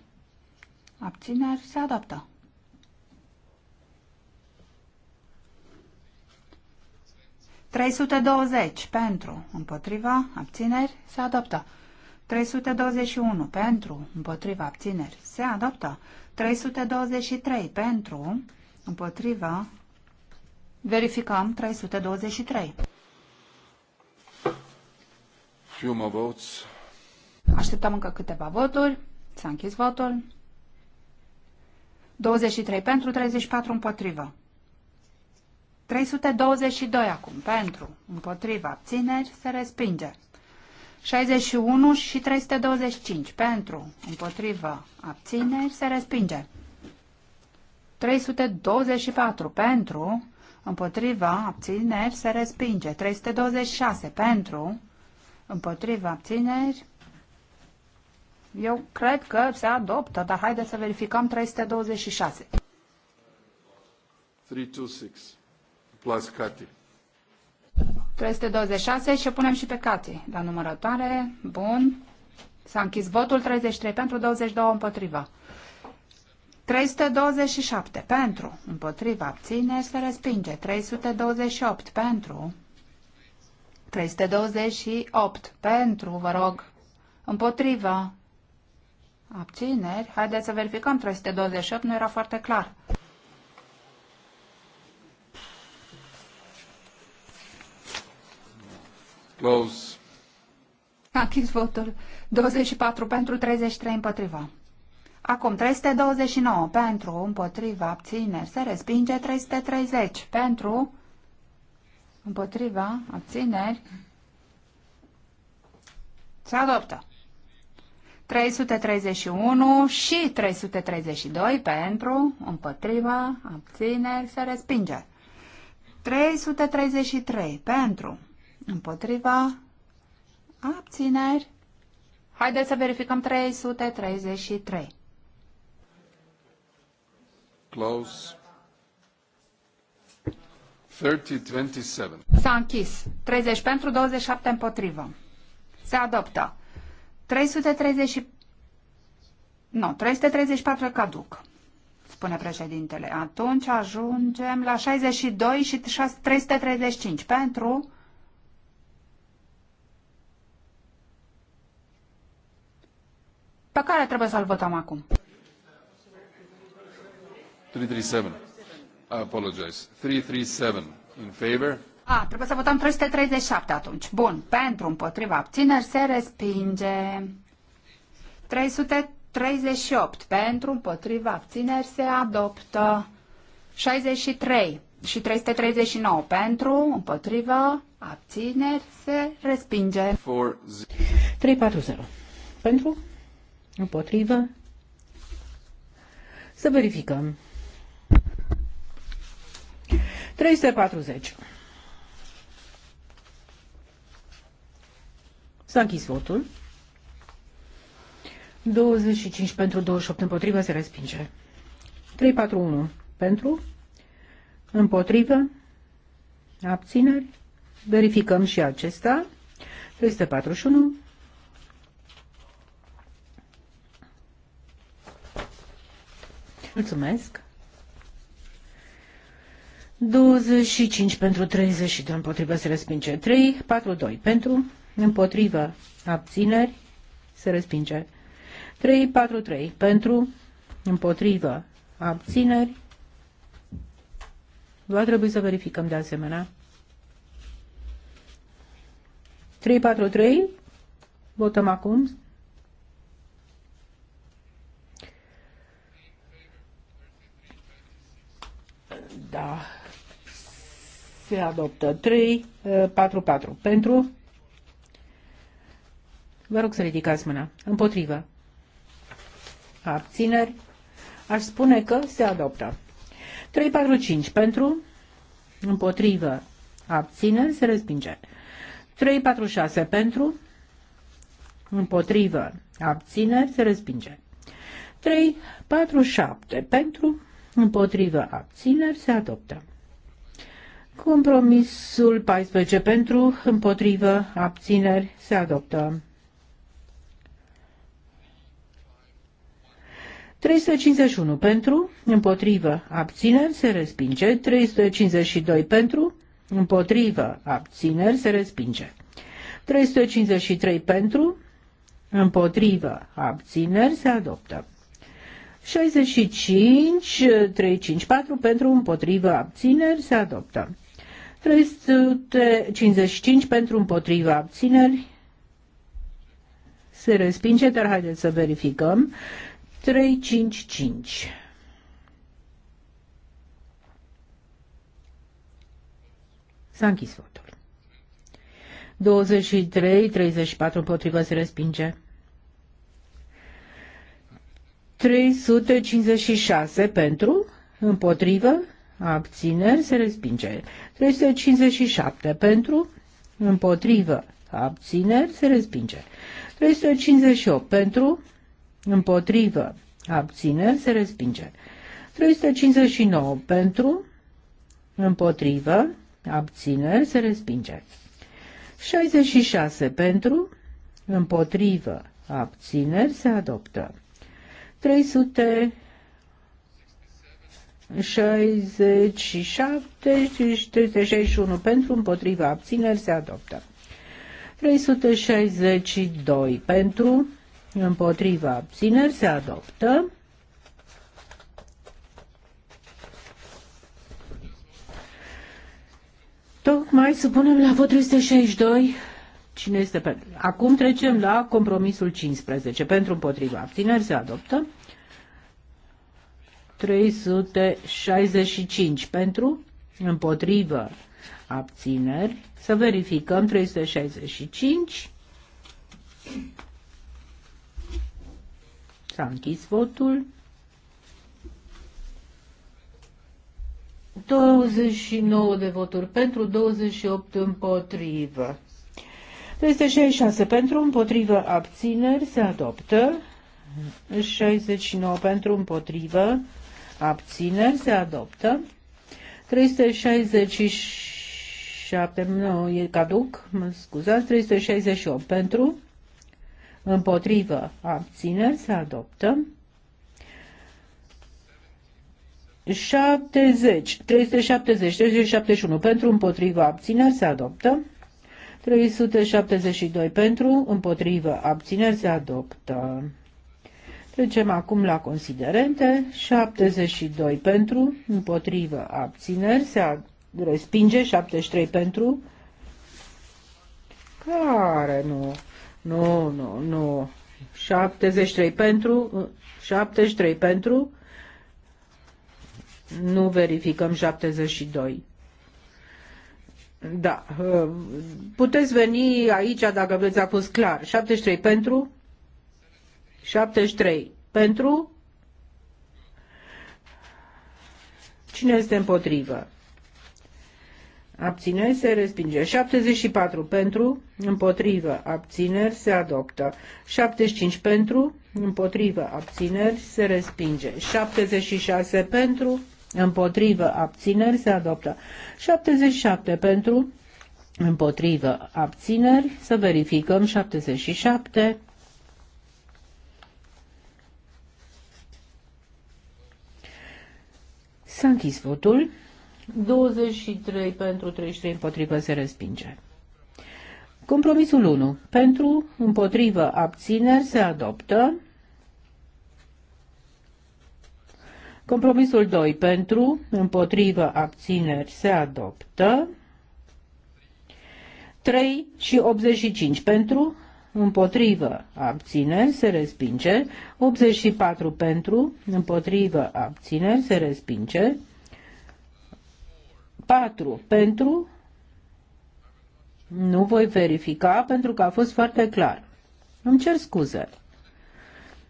abțineri, se adaptă. 320 pentru, împotriva, abțineri, se adoptă. 321 pentru, împotriva, abțineri, se adoptă. 323 pentru, împotriva, verificăm 323. Few more votes. Așteptăm încă câteva voturi. S-a închis votul. 23 pentru, 34 împotrivă. 322 acum, pentru, împotriva, abțineri, se respinge. 61 și 325, pentru, împotriva, abțineri, se respinge. 324, pentru, împotriva, abțineri, se respinge. 326, pentru, împotriva, abțineri, eu cred că se adoptă, dar haideți să verificăm 326. 326 plus 326 și punem și pe Cati la numărătoare. Bun. S-a închis votul 33 pentru 22 împotriva. 327 pentru, împotriva, abține, se respinge. 328 pentru, 328 pentru, vă rog, împotriva, abțineri. Haideți să verificăm, 328 nu era foarte clar. Close. votul. 24 pentru, 33 împotriva. Acum 329 pentru, împotriva, abțineri, se respinge 330 pentru, împotriva, abțineri, se adoptă. 331 și 332 pentru, împotriva, abțineri, se respinge. 333 pentru, împotriva, abțineri. Haideți să verificăm 333. Close. 30-27. S-a închis. 30 pentru, 27 împotrivă. Se adoptă. 330... Nu, 334 caduc, spune președintele. Atunci ajungem la 62 și 335 pentru, pe care trebuie să-l votăm acum. 337. I apologize. 337 in favor. A, trebuie să votăm 337 atunci. Bun. Pentru, împotriva, abțineri, se respinge. 338. Pentru, împotriva, abțineri, se adoptă. 63 și 339 pentru, împotriva abțineri, se respinge. 340. Pentru, Împotrivă? Să verificăm. 340. S-a închis votul. 25 pentru, 28 împotrivă, se respinge. 341 pentru, împotrivă, abțineri. Verificăm și acesta. 341. Mulțumesc. 25 pentru 32 împotrivă se respinge. 3, 4, 2 pentru, împotrivă, abțineri, se respinge. 3, 4, 3 pentru, împotrivă, abțineri. Va trebui să verificăm de asemenea. 3, 4, 3, votăm acum. Da. Se adoptă 3, 4, 4. Pentru? Vă rog să ridicați mâna. Împotrivă. Abțineri. Aș spune că se adoptă. 3, 4, 5. Pentru? Împotrivă. Abțineri. Se respinge. 3, 4, 6. Pentru? Împotrivă. Abțineri. Se respinge. 3, 4, 7. Pentru? Împotrivă împotriva abțineri se adoptă. Compromisul 14 pentru, împotrivă, abțineri, se adoptă. 351 pentru, împotrivă, abțineri, se respinge. 352 pentru, împotrivă, abțineri, se respinge. 353 pentru, împotrivă, abțineri, se adoptă. 65, 354 pentru împotrivă abțineri se adoptă. 355 pentru împotrivă abțineri se respinge, dar haideți să verificăm. 355. S-a închis votul. 23, 34 împotrivă se respinge. 356 pentru, împotrivă, abțineri, se respinge. 357 pentru, împotrivă, abțineri, se respinge. 358 pentru, împotrivă, abțineri, se respinge. 359 pentru, împotrivă, abțineri, se respinge. 66 pentru, împotrivă, abțineri, se adoptă. 367 și 361 pentru împotriva abțineri se adoptă. 362 pentru împotriva abțineri se adoptă. Tocmai supunem la vot 362 Cine este pentru? Acum trecem la compromisul 15. Pentru împotriva abțineri se adoptă. 365 pentru împotrivă abțineri. Să verificăm 365. S-a închis votul. 29 de voturi pentru, 28 împotrivă. 366 pentru, împotrivă, abțineri, se adoptă. 69 pentru, împotrivă, abțineri, se adoptă. 367, nu, e caduc, mă scuzați, 368 pentru, împotrivă, abțineri, se adoptă. 70, 370, 371 pentru împotrivă, abțineri se adoptă. 372 pentru, împotrivă, abțineri se adoptă. Trecem acum la considerente. 72 pentru, împotrivă, abțineri se respinge. 73 pentru, care nu, nu, nu, nu. 73 pentru, 73 pentru, nu verificăm 72. Da. Uh, puteți veni aici dacă vreți, a fost clar. 73 pentru? 73 pentru? Cine este împotrivă? Abțineri se respinge. 74 pentru, împotrivă, abțineri se adoptă. 75 pentru, împotrivă, abțineri se respinge. 76 pentru, împotrivă, abțineri, se adoptă. 77 pentru, împotrivă, abțineri, să verificăm 77. S-a închis votul. 23 pentru 33 împotrivă se respinge. Compromisul 1. Pentru, împotrivă, abțineri se adoptă. Compromisul 2 pentru, împotrivă, abțineri se adoptă. 3 și 85 pentru, împotrivă, abțineri se respinge. 84 pentru, împotrivă, abțineri se respinge. 4 pentru, nu voi verifica pentru că a fost foarte clar. Îmi cer scuze.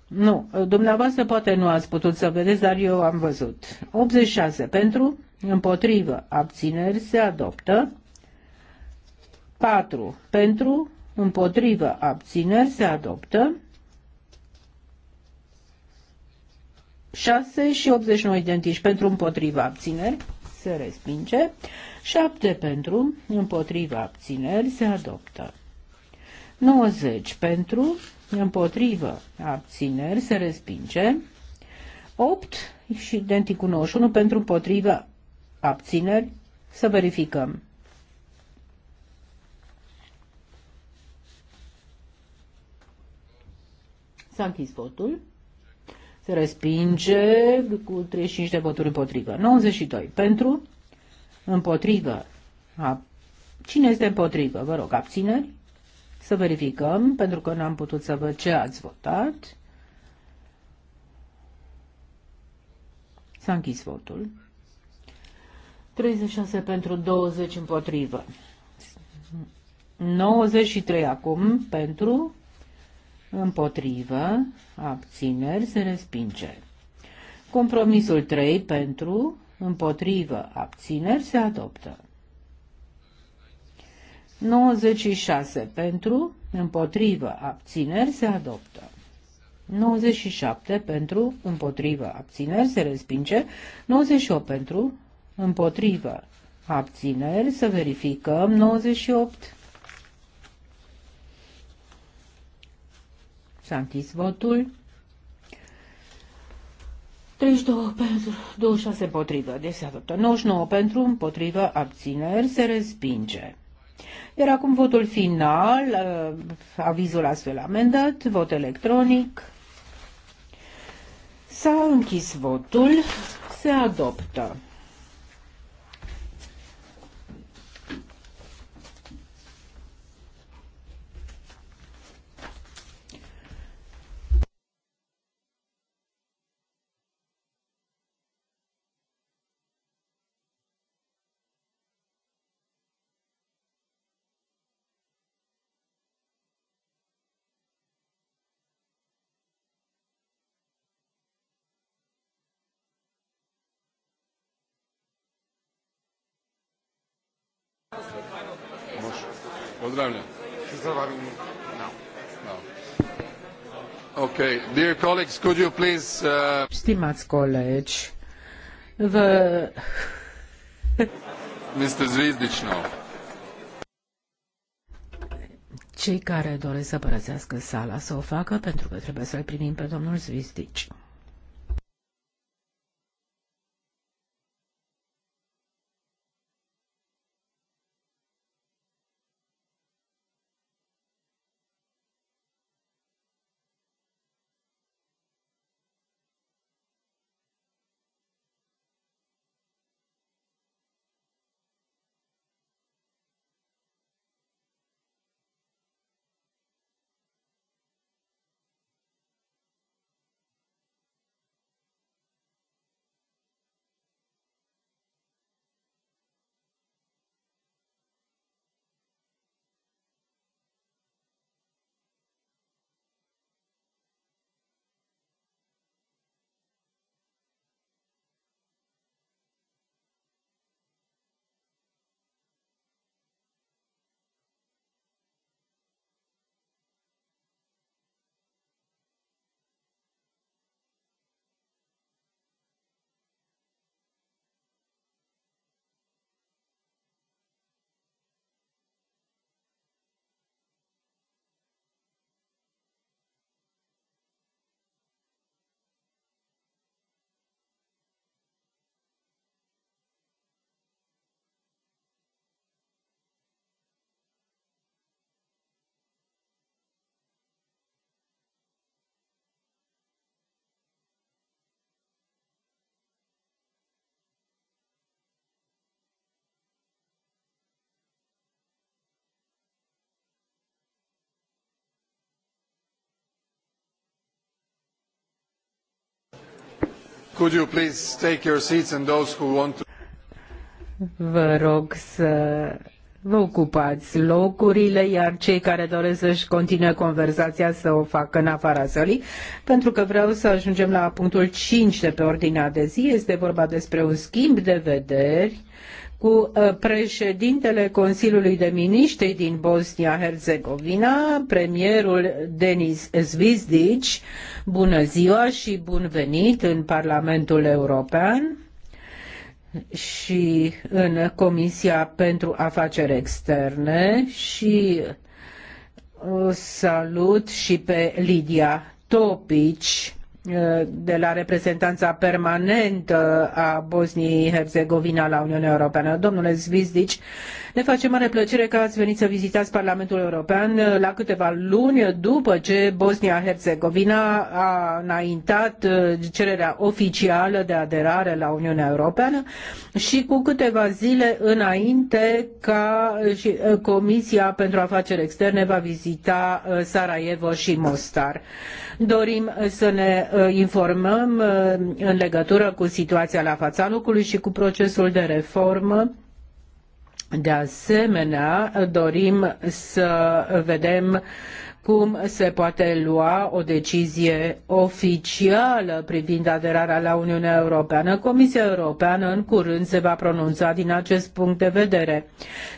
Nu, dumneavoastră poate nu ați putut să vedeți, dar eu am văzut. 86 pentru, împotrivă, abțineri, se adoptă. 4 pentru, împotrivă, abțineri, se adoptă. 6 și 89 identici pentru împotriva abțineri, se respinge. 7 pentru împotriva abțineri, se adoptă. 90 pentru împotrivă, abțineri, se respinge. 8 și identic cu 91 pentru împotrivă, abțineri, să verificăm. S-a închis votul. Se respinge cu 35 de voturi împotrivă. 92 pentru, împotrivă. A... Cine este împotrivă? Vă rog, abțineri. Să verificăm, pentru că n-am putut să văd ce ați votat. S-a închis votul. 36 pentru 20 împotrivă. 93 acum pentru împotrivă, abțineri, se respinge. Compromisul 3 pentru împotrivă, abțineri, se adoptă. 96 pentru, împotrivă, abțineri se adoptă. 97 pentru, împotrivă, abțineri se respinge. 98 pentru, împotrivă, abțineri să verificăm. 98 S-a închis votul. 32 pentru, 26 împotrivă, deci se adoptă. 99 pentru, împotrivă, abțineri, se respinge. Iar acum votul final, uh, avizul astfel amendat, vot electronic. S-a închis votul, se adoptă. Pozdravljam. No. Da. Da. Okay. Dear colleagues, could you please... Uh... Stimați colegi, vă... Mr. Zvizdic, no. Cei care doresc să părăsească sala să o facă pentru că trebuie să-l primim pe domnul Zvizdici. Vă rog să vă ocupați locurile, iar cei care doresc să-și continue conversația să o facă în afara sălii, pentru că vreau să ajungem la punctul 5 de pe ordinea de zi. Este vorba despre un schimb de vederi cu uh, președintele Consiliului de Miniștri din Bosnia-Herzegovina, premierul Denis Zvizdic. Bună ziua și bun venit în Parlamentul European și în Comisia pentru Afaceri Externe și uh, salut și pe Lidia Topici, Eh, de la reprezentanța permanentă a Bosniei Herzegovina la Uniunea Europeană. Domnule Zvizdici, ne face mare plăcere că ați venit să vizitați Parlamentul European uh, la câteva luni după ce Bosnia-Herzegovina a înaintat uh, cererea oficială de aderare la Uniunea Europeană și cu câteva zile înainte ca uh, și Comisia pentru Afaceri Externe va vizita Sarajevo și Mostar. Dorim să ne informăm în legătură cu situația la fața locului și cu procesul de reformă de asemenea, dorim să vedem cum se poate lua o decizie oficială privind aderarea la Uniunea Europeană. Comisia Europeană în curând se va pronunța din acest punct de vedere.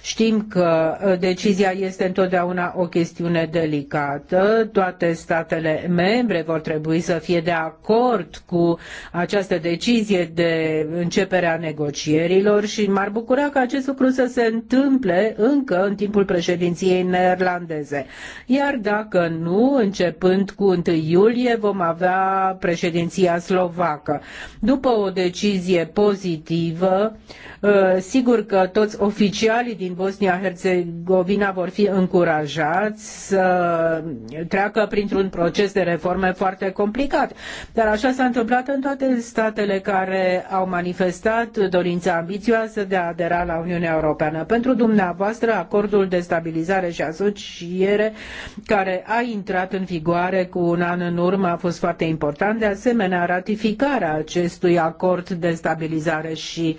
Știm că uh, decizia este întotdeauna o chestiune delicată. Toate statele membre vor trebui să fie de acord cu această decizie de începere a negocierilor și m-ar bucura că acest lucru să se întâmple încă în timpul președinției neerlandeze. Iar da, dacă nu, începând cu 1 iulie, vom avea președinția slovacă. După o decizie pozitivă, Uh, sigur că toți oficialii din Bosnia-Herzegovina vor fi încurajați să treacă printr-un proces de reforme foarte complicat. Dar așa s-a întâmplat în toate statele care au manifestat dorința ambițioasă de a adera la Uniunea Europeană. Pentru dumneavoastră, acordul de stabilizare și asociere care a intrat în vigoare cu un an în urmă a fost foarte important. De asemenea, ratificarea acestui acord de stabilizare și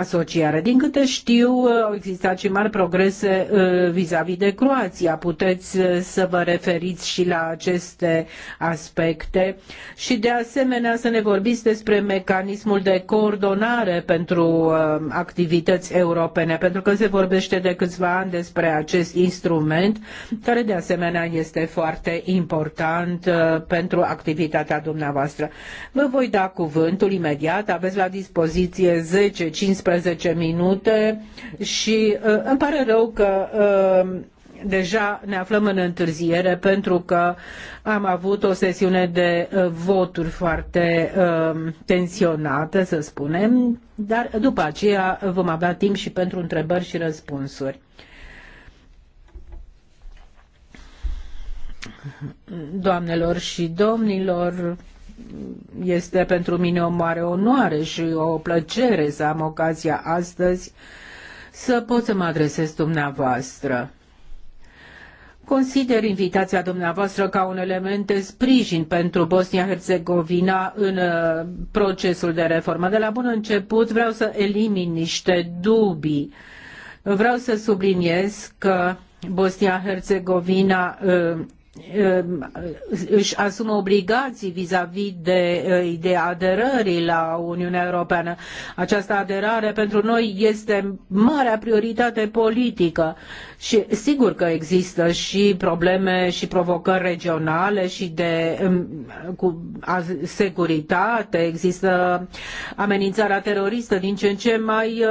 asociare. Din câte știu, uh, au existat și mari progrese uh, vis-a-vis -vis de Croația. Puteți uh, să vă referiți și la aceste aspecte și de asemenea să ne vorbiți despre mecanismul de coordonare pentru activități europene, pentru că se vorbește de câțiva ani despre acest instrument, care de asemenea este foarte important pentru activitatea dumneavoastră. Vă voi da cuvântul imediat, aveți la dispoziție 10-15 15 minute și uh, îmi pare rău că uh, deja ne aflăm în întârziere pentru că am avut o sesiune de uh, voturi foarte uh, tensionată, să spunem, dar după aceea vom avea timp și pentru întrebări și răspunsuri. Doamnelor și domnilor, este pentru mine o mare onoare și o plăcere să am ocazia astăzi să pot să mă adresez dumneavoastră. Consider invitația dumneavoastră ca un element de sprijin pentru Bosnia-Herzegovina în uh, procesul de reformă. De la bun început vreau să elimin niște dubii. Vreau să subliniez că Bosnia-Herzegovina uh, își asumă obligații vis-a-vis -vis de ideea aderării la Uniunea Europeană. Această aderare pentru noi este marea prioritate politică și sigur că există și probleme și provocări regionale și de cu securitate, există amenințarea teroristă din ce în ce mai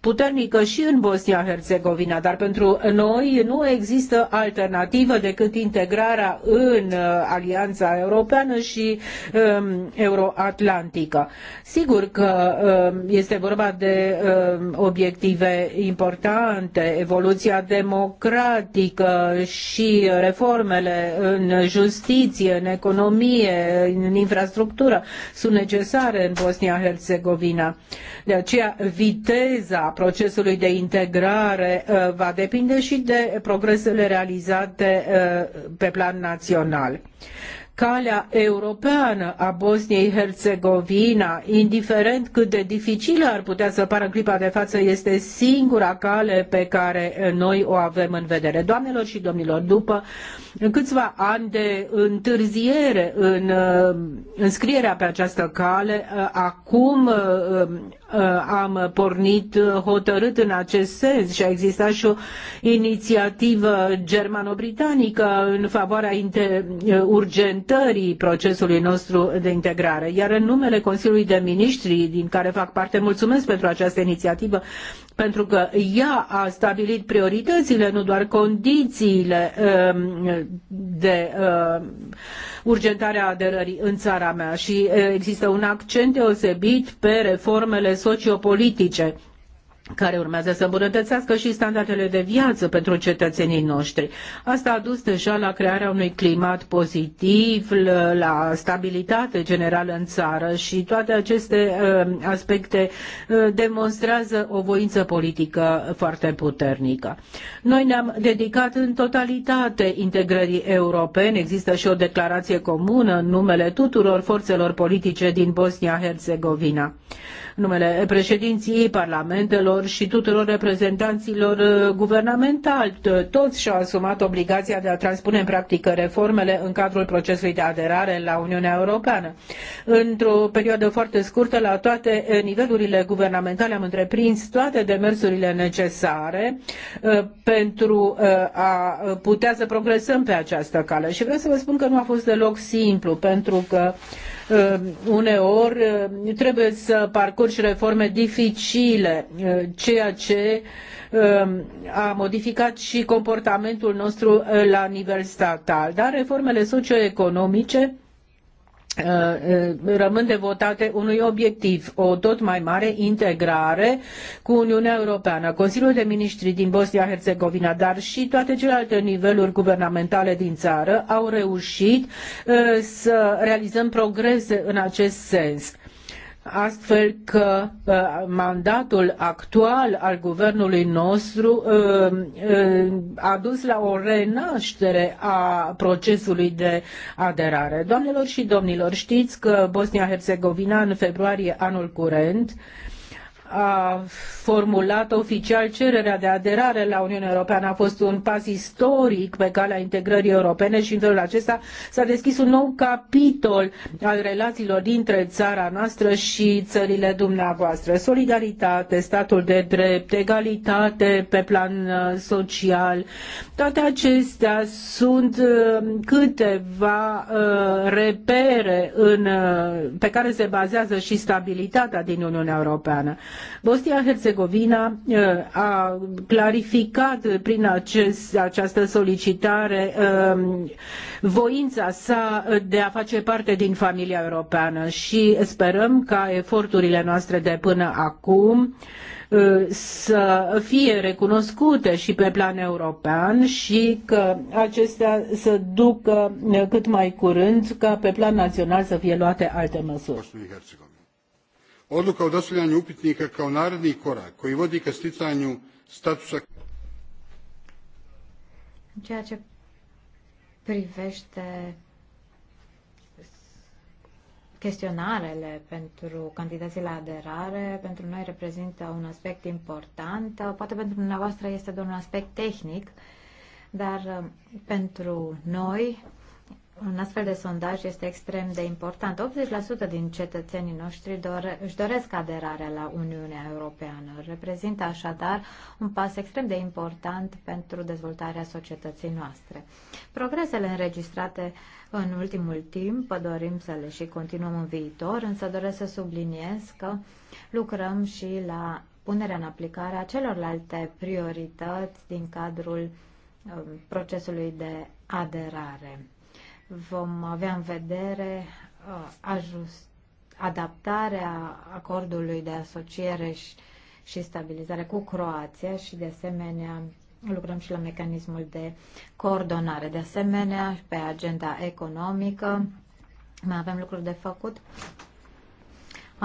puternică și în Bosnia-Herzegovina, dar pentru noi nu există alternativă decât integrarea în uh, Alianța Europeană și um, Euroatlantică. Sigur că um, este vorba de um, obiective importante, evoluția democratică și reformele în justiție, în economie, în infrastructură sunt necesare în Bosnia-Herzegovina. De aceea, viteza procesului de integrare uh, va depinde și de progresele realizate uh, pe plan național. Calea europeană a Bosniei-Herzegovina, indiferent cât de dificilă ar putea să pară în clipa de față, este singura cale pe care noi o avem în vedere. Doamnelor și domnilor, după câțiva ani de întârziere în uh, înscrierea pe această cale, uh, acum uh, Uh, am pornit uh, hotărât în acest sens și a existat și o inițiativă germano-britanică în favoarea uh, urgentării procesului nostru de integrare. Iar în numele Consiliului de Ministri, din care fac parte, mulțumesc pentru această inițiativă, pentru că ea a stabilit prioritățile, nu doar condițiile um, de um, urgentare a aderării în țara mea și uh, există un accent deosebit pe reformele sociopolitice care urmează să îmbunătățească și standardele de viață pentru cetățenii noștri. Asta a dus deja la crearea unui climat pozitiv, la stabilitate generală în țară și toate aceste uh, aspecte uh, demonstrează o voință politică foarte puternică. Noi ne-am dedicat în totalitate integrării europene. Există și o declarație comună în numele tuturor forțelor politice din Bosnia-Herzegovina numele președinției parlamentelor și tuturor reprezentanților uh, guvernamentali. Toți și-au asumat obligația de a transpune în practică reformele în cadrul procesului de aderare la Uniunea Europeană. Într-o perioadă foarte scurtă, la toate eh, nivelurile guvernamentale am întreprins toate demersurile necesare eh, pentru eh, a putea să progresăm pe această cale. Și vreau să vă spun că nu a fost deloc simplu, pentru că Uh, uneori uh, trebuie să parcurgi reforme dificile, uh, ceea ce a modificat și comportamentul nostru la nivel statal. Dar reformele socioeconomice Uh, uh, rămân devotate unui obiectiv, o tot mai mare integrare cu Uniunea Europeană. Consiliul de Ministri din Bosnia-Herzegovina, dar și toate celelalte niveluri guvernamentale din țară au reușit uh, să realizăm progrese în acest sens astfel că mandatul actual al guvernului nostru ă, ă, a dus la o renaștere a procesului de aderare. Doamnelor și domnilor, știți că Bosnia-Herzegovina în februarie anul curent a formulat oficial cererea de aderare la Uniunea Europeană a fost un pas istoric pe calea integrării europene și în felul acesta s-a deschis un nou capitol al relațiilor dintre țara noastră și țările dumneavoastră. Solidaritate, statul de drept, egalitate pe plan uh, social, toate acestea sunt uh, câteva uh, repere în, pe care se bazează și stabilitatea din Uniunea Europeană. Bosnia-Herzegovina eh, a clarificat prin acest, această solicitare eh, voința sa de a face parte din familia europeană și sperăm ca eforturile noastre de până acum eh, să fie recunoscute și pe plan european și că acestea să ducă cât mai curând ca pe plan național să fie luate alte măsuri. Odluka o dostavljanju upitnika kao naredni korak koji vodi ka sticanju statusa... ceea ce privește chestionarele pentru candidații la aderare, pentru noi reprezintă un aspect important. Poate pentru dumneavoastră este doar un aspect tehnic, dar uh, pentru noi un astfel de sondaj este extrem de important. 80% din cetățenii noștri dore, își doresc aderarea la Uniunea Europeană. Reprezintă așadar un pas extrem de important pentru dezvoltarea societății noastre. Progresele înregistrate în ultimul timp dorim să le și continuăm în viitor, însă doresc să subliniez că lucrăm și la punerea în aplicare a celorlalte priorități din cadrul um, procesului de aderare vom avea în vedere uh, ajust, adaptarea acordului de asociere și, și stabilizare cu Croația și de asemenea lucrăm și la mecanismul de coordonare. De asemenea, pe agenda economică mai avem lucruri de făcut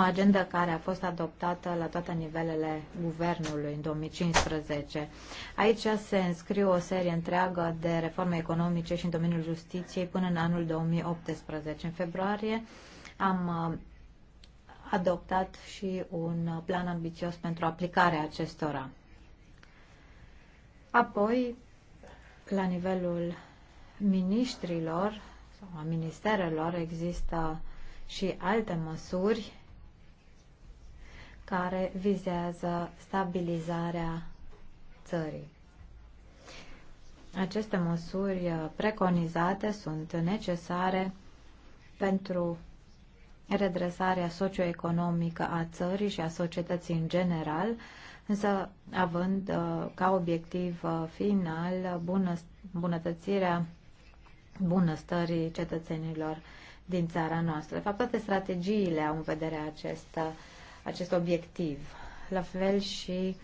agenda care a fost adoptată la toate nivelele guvernului în 2015. Aici se înscriu o serie întreagă de reforme economice și în domeniul justiției până în anul 2018. În februarie am uh, adoptat și un plan ambițios pentru aplicarea acestora. Apoi, la nivelul ministrilor, sau a ministerelor există și alte măsuri care vizează stabilizarea țării. Aceste măsuri uh, preconizate sunt necesare pentru redresarea socioeconomică a țării și a societății în general, însă având uh, ca obiectiv uh, final bună, bunătățirea bunăstării cetățenilor din țara noastră. De fapt, toate strategiile au în vedere acest acest obiectiv. La fel și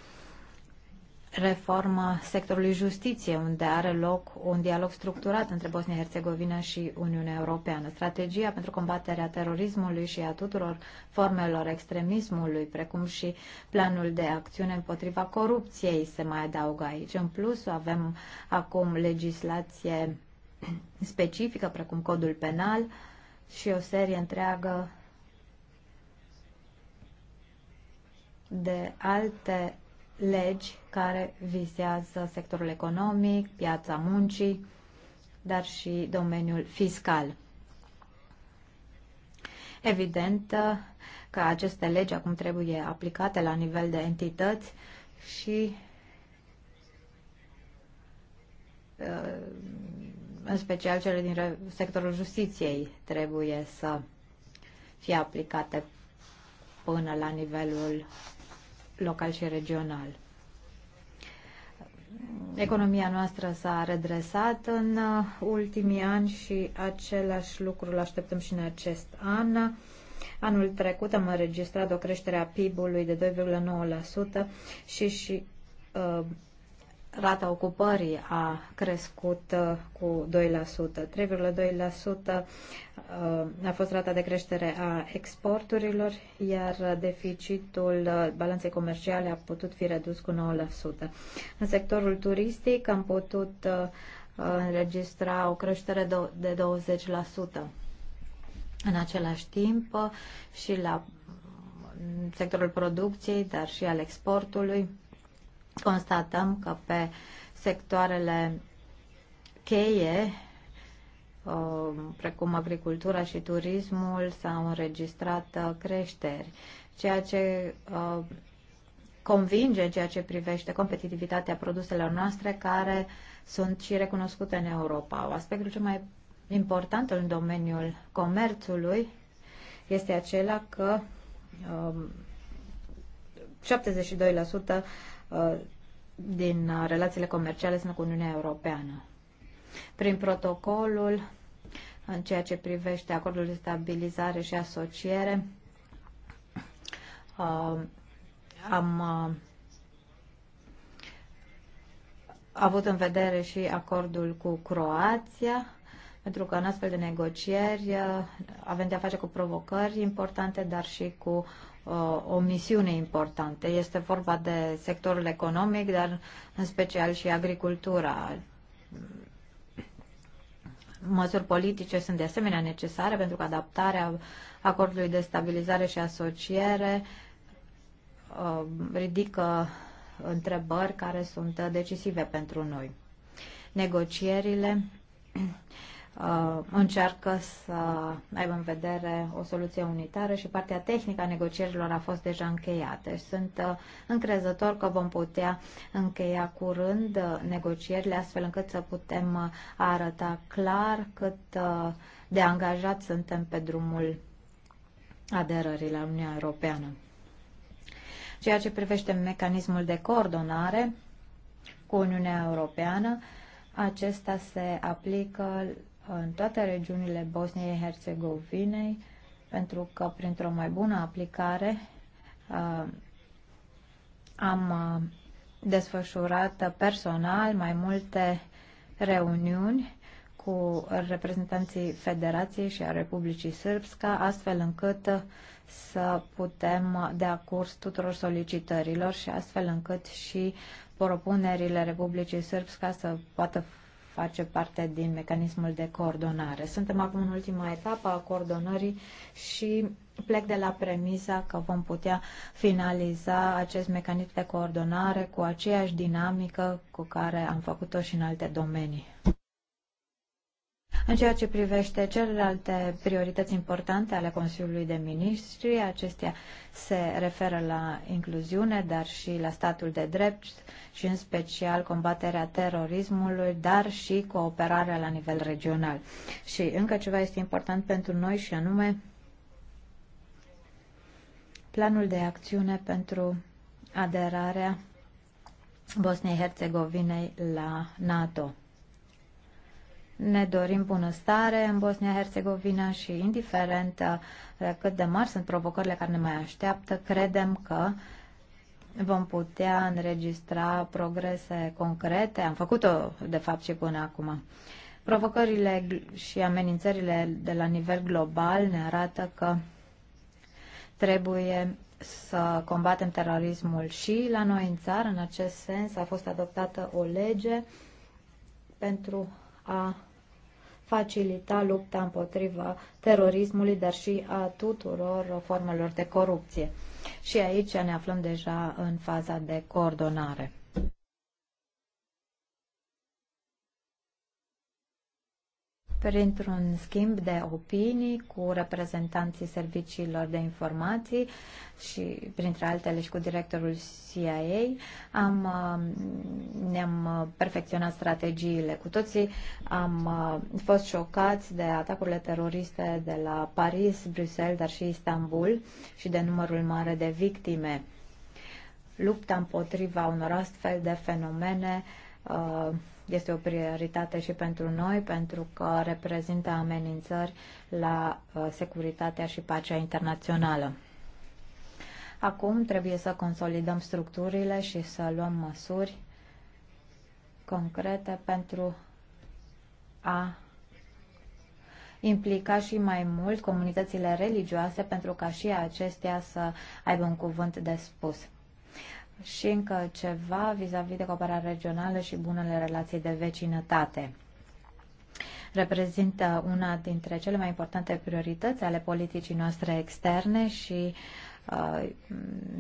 reforma sectorului justiție, unde are loc un dialog structurat între Bosnia-Herzegovina și Uniunea Europeană. Strategia pentru combaterea terorismului și a tuturor formelor extremismului, precum și planul de acțiune împotriva corupției se mai adaugă aici. În plus, avem acum legislație specifică, precum codul penal și o serie întreagă de alte legi care vizează sectorul economic, piața muncii, dar și domeniul fiscal. Evident uh, că aceste legi acum trebuie aplicate la nivel de entități și uh, în special cele din sectorul justiției trebuie să fie aplicate până la nivelul local și regional. Economia noastră s-a redresat în ultimii ani și același lucru îl așteptăm și în acest an. Anul trecut am înregistrat o creștere a PIB-ului de 2,9% și, și uh, rata ocupării a crescut uh, cu 2%. 3,2% uh, a fost rata de creștere a exporturilor, iar deficitul uh, balanței comerciale a putut fi redus cu 9%. În sectorul turistic am putut înregistra o creștere de 20%. În același timp și la mm, sectorul producției, dar și al exportului, constatăm că pe sectoarele cheie, um, precum agricultura și turismul, s-au înregistrat uh, creșteri, ceea ce uh, convinge în ceea ce privește competitivitatea produselor noastre care sunt și recunoscute în Europa. Aspectul cel mai important în domeniul comerțului este acela că 72% um, Uh, din uh, relațiile comerciale sunt cu Uniunea Europeană. Prin protocolul în ceea ce privește acordul de stabilizare și asociere, uh, am avut în vedere și acordul cu Croația, pentru că în astfel de negocieri avem de-a face cu provocări importante, dar și cu o misiune importantă. Este vorba de sectorul economic, dar în special și agricultura. Măsuri politice sunt de asemenea necesare pentru că adaptarea acordului de stabilizare și asociere ridică întrebări care sunt decisive pentru noi. Negocierile Uh, încearcă să aibă în vedere o soluție unitară și partea tehnică a negocierilor a fost deja încheiată. Deci sunt uh, încrezător că vom putea încheia curând uh, negocierile astfel încât să putem arăta clar cât de angajat suntem pe drumul aderării la Uniunea Europeană. Ceea ce privește mecanismul de coordonare cu Uniunea Europeană, acesta se aplică în toate regiunile Bosniei Herțegovinei, pentru că printr-o mai bună aplicare uh, am uh, desfășurat personal mai multe reuniuni cu reprezentanții Federației și a Republicii Sârbska, astfel încât să putem de curs tuturor solicitărilor și astfel încât și propunerile Republicii Sârbska să poată face parte din mecanismul de coordonare. Suntem acum în ultima etapă a coordonării și plec de la premisa că vom putea finaliza acest mecanism de coordonare cu aceeași dinamică cu care am făcut-o și în alte domenii. În ceea ce privește celelalte priorități importante ale Consiliului de Ministri, acestea se referă la incluziune, dar și la statul de drept și în special combaterea terorismului, dar și cooperarea la nivel regional. Și încă ceva este important pentru noi și anume planul de acțiune pentru aderarea Bosniei-Herzegovinei la NATO ne dorim bunăstare în Bosnia-Herzegovina și indiferent uh, cât de mari sunt provocările care ne mai așteaptă, credem că vom putea înregistra progrese concrete. Am făcut-o, de fapt, și până acum. Provocările și amenințările de la nivel global ne arată că trebuie să combatem terorismul și la noi în țară. În acest sens a fost adoptată o lege pentru a facilita lupta împotriva terorismului, dar și a tuturor formelor de corupție. Și aici ne aflăm deja în faza de coordonare. printr-un schimb de opinii cu reprezentanții serviciilor de informații și, printre altele, și cu directorul CIA. Am, um, ne-am uh, perfecționat strategiile cu toții. Am uh, fost șocați de atacurile teroriste de la Paris, Bruxelles, dar și Istanbul și de numărul mare de victime. Lupta împotriva unor astfel de fenomene uh, Uh, este o prioritate și pentru noi, pentru că reprezintă amenințări la uh, securitatea și pacea internațională. Acum trebuie să consolidăm structurile și să luăm măsuri concrete pentru a implica și mai mult comunitățile religioase pentru ca și acestea să aibă un cuvânt de spus. Și încă ceva vis-a-vis -vis de cooperarea regională și bunele relații de vecinătate. Reprezintă una dintre cele mai importante priorități ale politicii noastre externe și uh,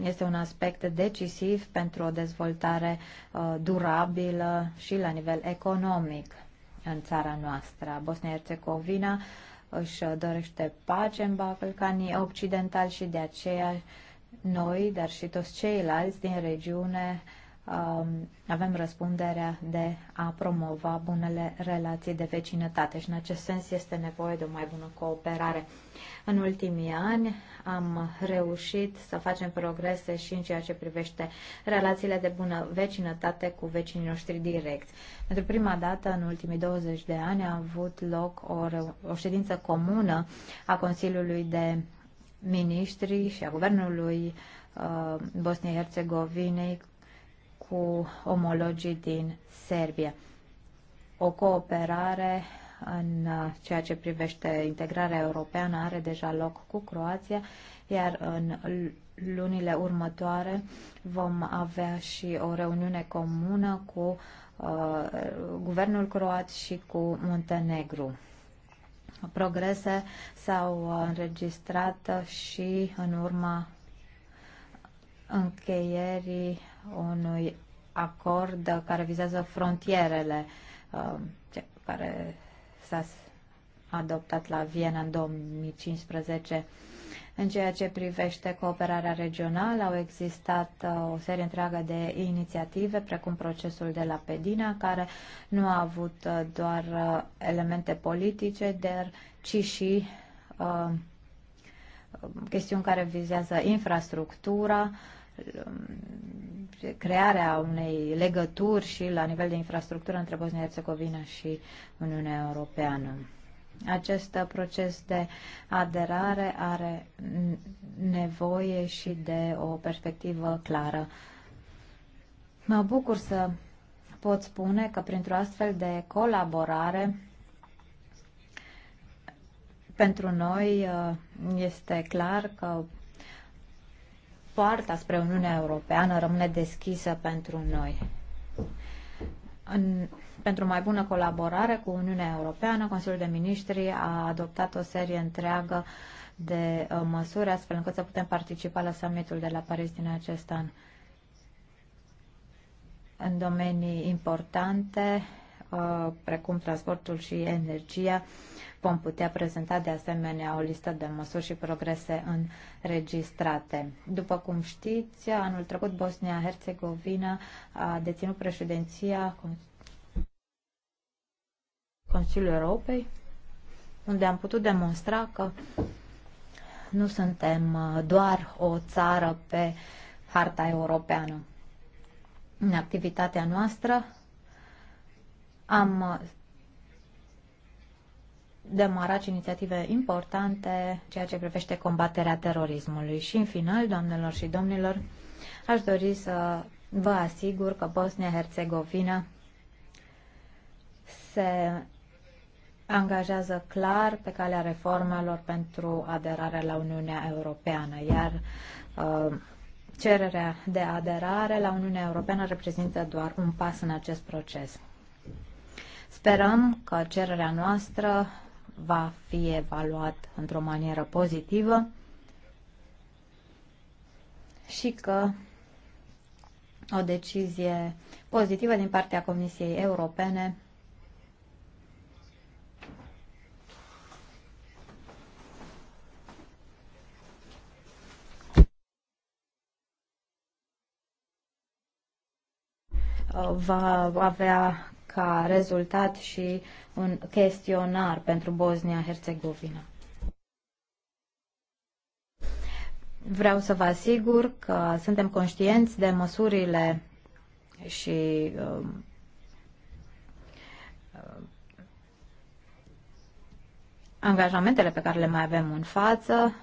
este un aspect decisiv pentru o dezvoltare uh, durabilă și la nivel economic în țara noastră. Bosnia-Herzegovina își dorește pace în Balcanii Occidental și de aceea noi, dar și toți ceilalți din regiune, um, avem răspunderea de a promova bunele relații de vecinătate și în acest sens este nevoie de o mai bună cooperare. În ultimii ani am reușit să facem progrese și în ceea ce privește relațiile de bună vecinătate cu vecinii noștri direct. Pentru prima dată în ultimii 20 de ani a avut loc o, o ședință comună a Consiliului de miniștrii și a guvernului uh, Bosniei-Herzegovinei cu omologii din Serbia. O cooperare în uh, ceea ce privește integrarea europeană are deja loc cu Croația, iar în lunile următoare vom avea și o reuniune comună cu uh, guvernul croat și cu Muntenegru. Progrese s-au înregistrat și în urma încheierii unui acord care vizează frontierele uh, care s-a adoptat la Viena în 2015. În ceea ce privește cooperarea regională, au existat uh, o serie întreagă de inițiative, precum procesul de la Pedina, care nu a avut uh, doar uh, elemente politice, dar ci și uh, chestiuni care vizează infrastructura, um, crearea unei legături și la nivel de infrastructură între Bosnia-Herzegovina și Uniunea Europeană. Acest proces de aderare are nevoie și de o perspectivă clară. Mă bucur să pot spune că printr-o astfel de colaborare pentru noi uh, este clar că poarta spre Uniunea Europeană rămâne deschisă pentru noi. În pentru mai bună colaborare cu Uniunea Europeană. Consiliul de Ministri a adoptat o serie întreagă de uh, măsuri astfel încât să putem participa la summitul de la Paris din acest an. În domenii importante, uh, precum transportul și energia, vom putea prezenta de asemenea o listă de măsuri și progrese înregistrate. După cum știți, anul trecut Bosnia-Herzegovina a deținut președinția Consiliul Europei, unde am putut demonstra că nu suntem uh, doar o țară pe harta europeană. În activitatea noastră am uh, demarat și inițiative importante ceea ce privește combaterea terorismului. Și în final, doamnelor și domnilor, aș dori să vă asigur că Bosnia-Herzegovina se angajează clar pe calea reformelor pentru aderarea la Uniunea Europeană, iar uh, cererea de aderare la Uniunea Europeană reprezintă doar un pas în acest proces. Sperăm că cererea noastră va fi evaluat într-o manieră pozitivă și că o decizie pozitivă din partea Comisiei Europene va avea ca rezultat și un chestionar pentru Bosnia-Herzegovina. Vreau să vă asigur că suntem conștienți de măsurile și uh, angajamentele pe care le mai avem în față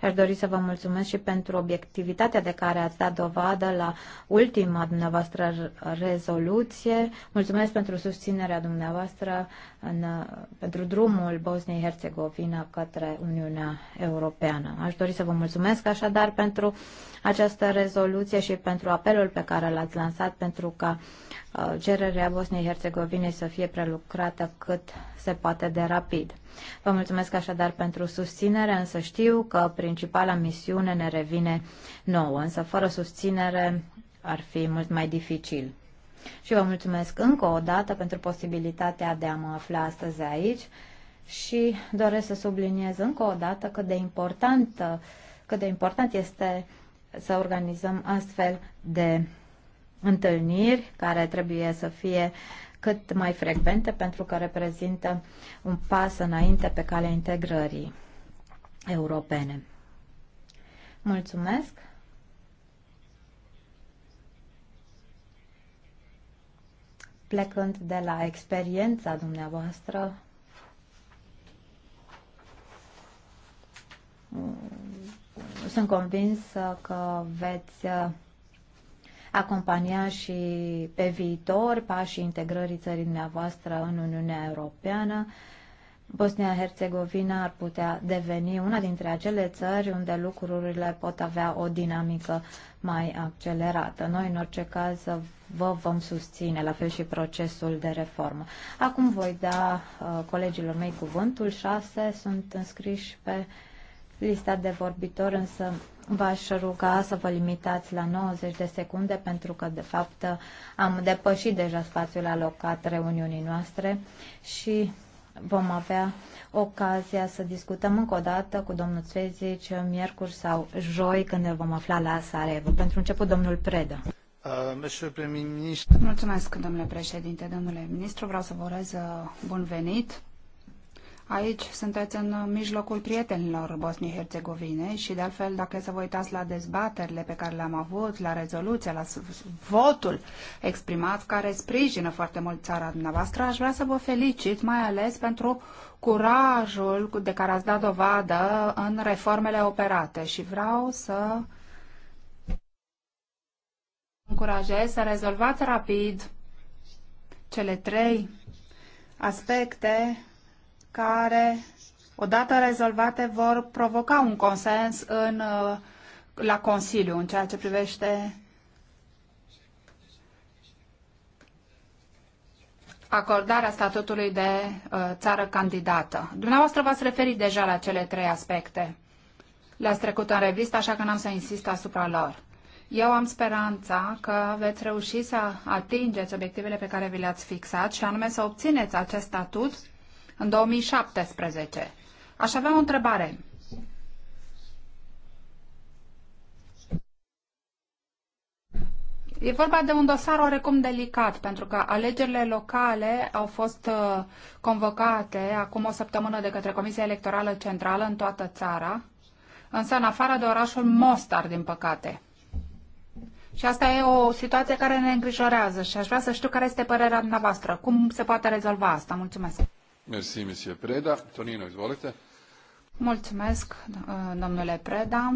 Aș dori să vă mulțumesc și pentru obiectivitatea de care ați dat dovadă la ultima dumneavoastră rezoluție. Mulțumesc pentru susținerea dumneavoastră în, pentru drumul Bosniei-Herzegovina către Uniunea Europeană. Aș dori să vă mulțumesc așadar pentru această rezoluție și pentru apelul pe care l-ați lansat pentru ca uh, cererea Bosniei-Herzegovinei să fie prelucrată cât se poate de rapid. Vă mulțumesc așadar pentru susținere, însă știu că principala misiune ne revine nouă, însă fără susținere ar fi mult mai dificil. Și vă mulțumesc încă o dată pentru posibilitatea de a mă afla astăzi aici și doresc să subliniez încă o dată cât de important, cât de important este să organizăm astfel de întâlniri care trebuie să fie cât mai frecvente pentru că reprezintă un pas înainte pe calea integrării europene. Mulțumesc! plecând de la experiența dumneavoastră, sunt convins că veți acompania și pe viitor pașii integrării țării dumneavoastră în Uniunea Europeană Bosnia-Herzegovina ar putea deveni una dintre acele țări unde lucrurile pot avea o dinamică mai accelerată. Noi, în orice caz, vă vom susține, la fel și procesul de reformă. Acum voi da uh, colegilor mei cuvântul. Șase sunt înscriși pe lista de vorbitori, însă v-aș ruga să vă limitați la 90 de secunde, pentru că, de fapt, am depășit deja spațiul alocat reuniunii noastre și vom avea ocazia să discutăm încă o dată cu domnul Țvezic miercuri sau joi când ne vom afla la Sarajevo. Pentru început, domnul Preda. Uh, Mulțumesc, domnule președinte, domnule ministru. Vreau să vă urez uh, bun venit Aici sunteți în mijlocul prietenilor bosniei herțegovine și, de altfel, dacă să vă uitați la dezbaterile pe care le-am avut, la rezoluția, la votul exprimat, care sprijină foarte mult țara dumneavoastră, aș vrea să vă felicit, mai ales pentru curajul de care ați dat dovadă în reformele operate și vreau să încurajez să rezolvați rapid cele trei aspecte care, odată rezolvate, vor provoca un consens în, uh, la Consiliu în ceea ce privește acordarea statutului de uh, țară candidată. Dumneavoastră v-ați referit deja la cele trei aspecte. Le-ați trecut în revistă, așa că n-am să insist asupra lor. Eu am speranța că veți reuși să atingeți obiectivele pe care vi le-ați fixat și anume să obțineți acest statut în 2017. Aș avea o întrebare. E vorba de un dosar oarecum delicat, pentru că alegerile locale au fost uh, convocate acum o săptămână de către Comisia Electorală Centrală în toată țara, însă în afară de orașul Mostar, din păcate. Și asta e o situație care ne îngrijorează și aș vrea să știu care este părerea dumneavoastră. Cum se poate rezolva asta? Mulțumesc! Mulțumesc, uh, domnule Preda.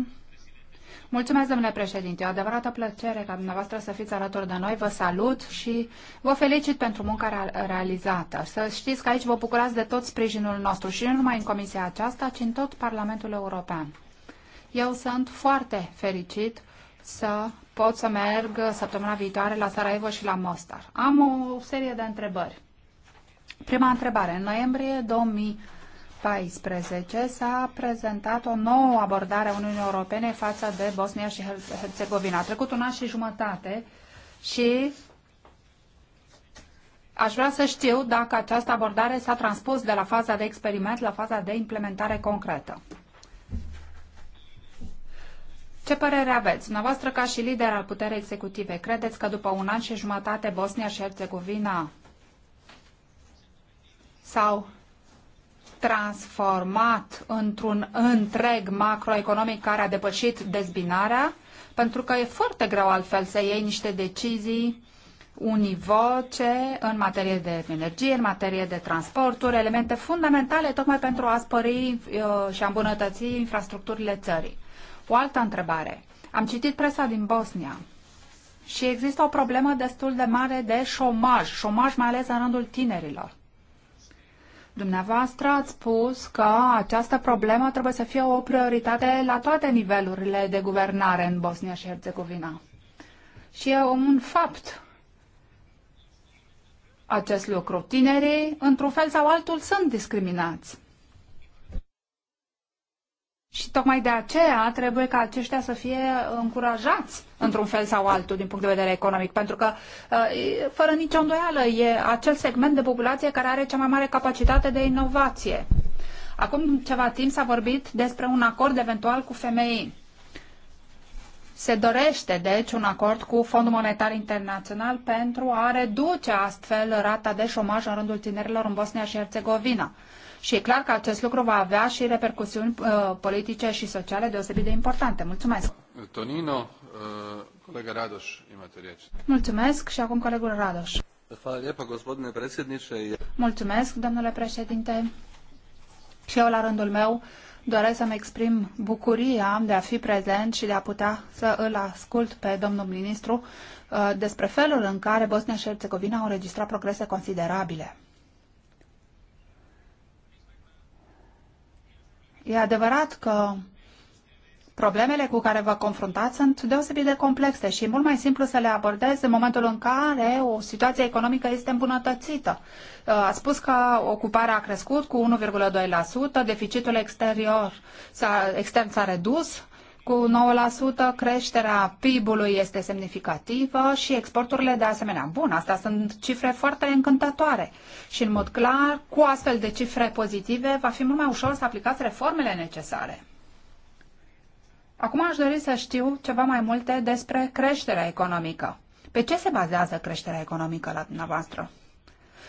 Mulțumesc, domnule președinte. E o adevărată plăcere ca dumneavoastră să fiți alături de noi. Vă salut și vă felicit pentru munca realizată. Să știți că aici vă bucurați de tot sprijinul nostru și nu numai în comisia aceasta, ci în tot Parlamentul European. Eu sunt foarte fericit să pot să merg săptămâna viitoare la Sarajevo și la Mostar. Am o serie de întrebări. Prima întrebare. În noiembrie 2014 s-a prezentat o nouă abordare a Uniunii Europene față de Bosnia și Herțegovina. A trecut un an și jumătate și aș vrea să știu dacă această abordare s-a transpus de la faza de experiment la faza de implementare concretă. Ce părere aveți? Dumneavoastră, ca și lider al puterii executive, credeți că după un an și jumătate Bosnia și Herțegovina s-au transformat într-un întreg macroeconomic care a depășit dezbinarea, pentru că e foarte greu altfel să iei niște decizii univoce în materie de energie, în materie de transporturi, elemente fundamentale tocmai pentru a spări uh, și a îmbunătăți infrastructurile țării. O altă întrebare. Am citit presa din Bosnia și există o problemă destul de mare de șomaj, șomaj mai ales în rândul tinerilor. Dumneavoastră ați spus că această problemă trebuie să fie o prioritate la toate nivelurile de guvernare în Bosnia și Herțegovina. Și e un fapt acest lucru. Tinerii, într-un fel sau altul, sunt discriminați. Și tocmai de aceea trebuie ca aceștia să fie încurajați într-un fel sau altul din punct de vedere economic, pentru că, uh, fără nicio îndoială, e acel segment de populație care are cea mai mare capacitate de inovație. Acum ceva timp s-a vorbit despre un acord eventual cu femei. Se dorește, deci, un acord cu Fondul Monetar Internațional pentru a reduce astfel rata de șomaj în rândul tinerilor în Bosnia și Herțegovina și e clar că acest lucru va avea și repercusiuni uh, politice și sociale deosebit de importante. Mulțumesc! Tonino, uh, colega Radoș, Mulțumesc și acum colegul Radoș. Mulțumesc, domnule președinte. Și eu, la rândul meu, doresc să-mi exprim bucuria de a fi prezent și de a putea să îl ascult pe domnul ministru uh, despre felul în care Bosnia și Herțegovina au înregistrat progrese considerabile. E adevărat că problemele cu care vă confruntați sunt deosebit de complexe și e mult mai simplu să le abordez în momentul în care o situație economică este îmbunătățită. Uh, a spus că ocuparea a crescut cu 1,2%, deficitul exterior s-a, extern s-a redus, cu 9% creșterea PIB-ului este semnificativă și exporturile de asemenea. Bun, astea sunt cifre foarte încântătoare și în mod clar, cu astfel de cifre pozitive, va fi mult mai ușor să aplicați reformele necesare. Acum aș dori să știu ceva mai multe despre creșterea economică. Pe ce se bazează creșterea economică la dumneavoastră?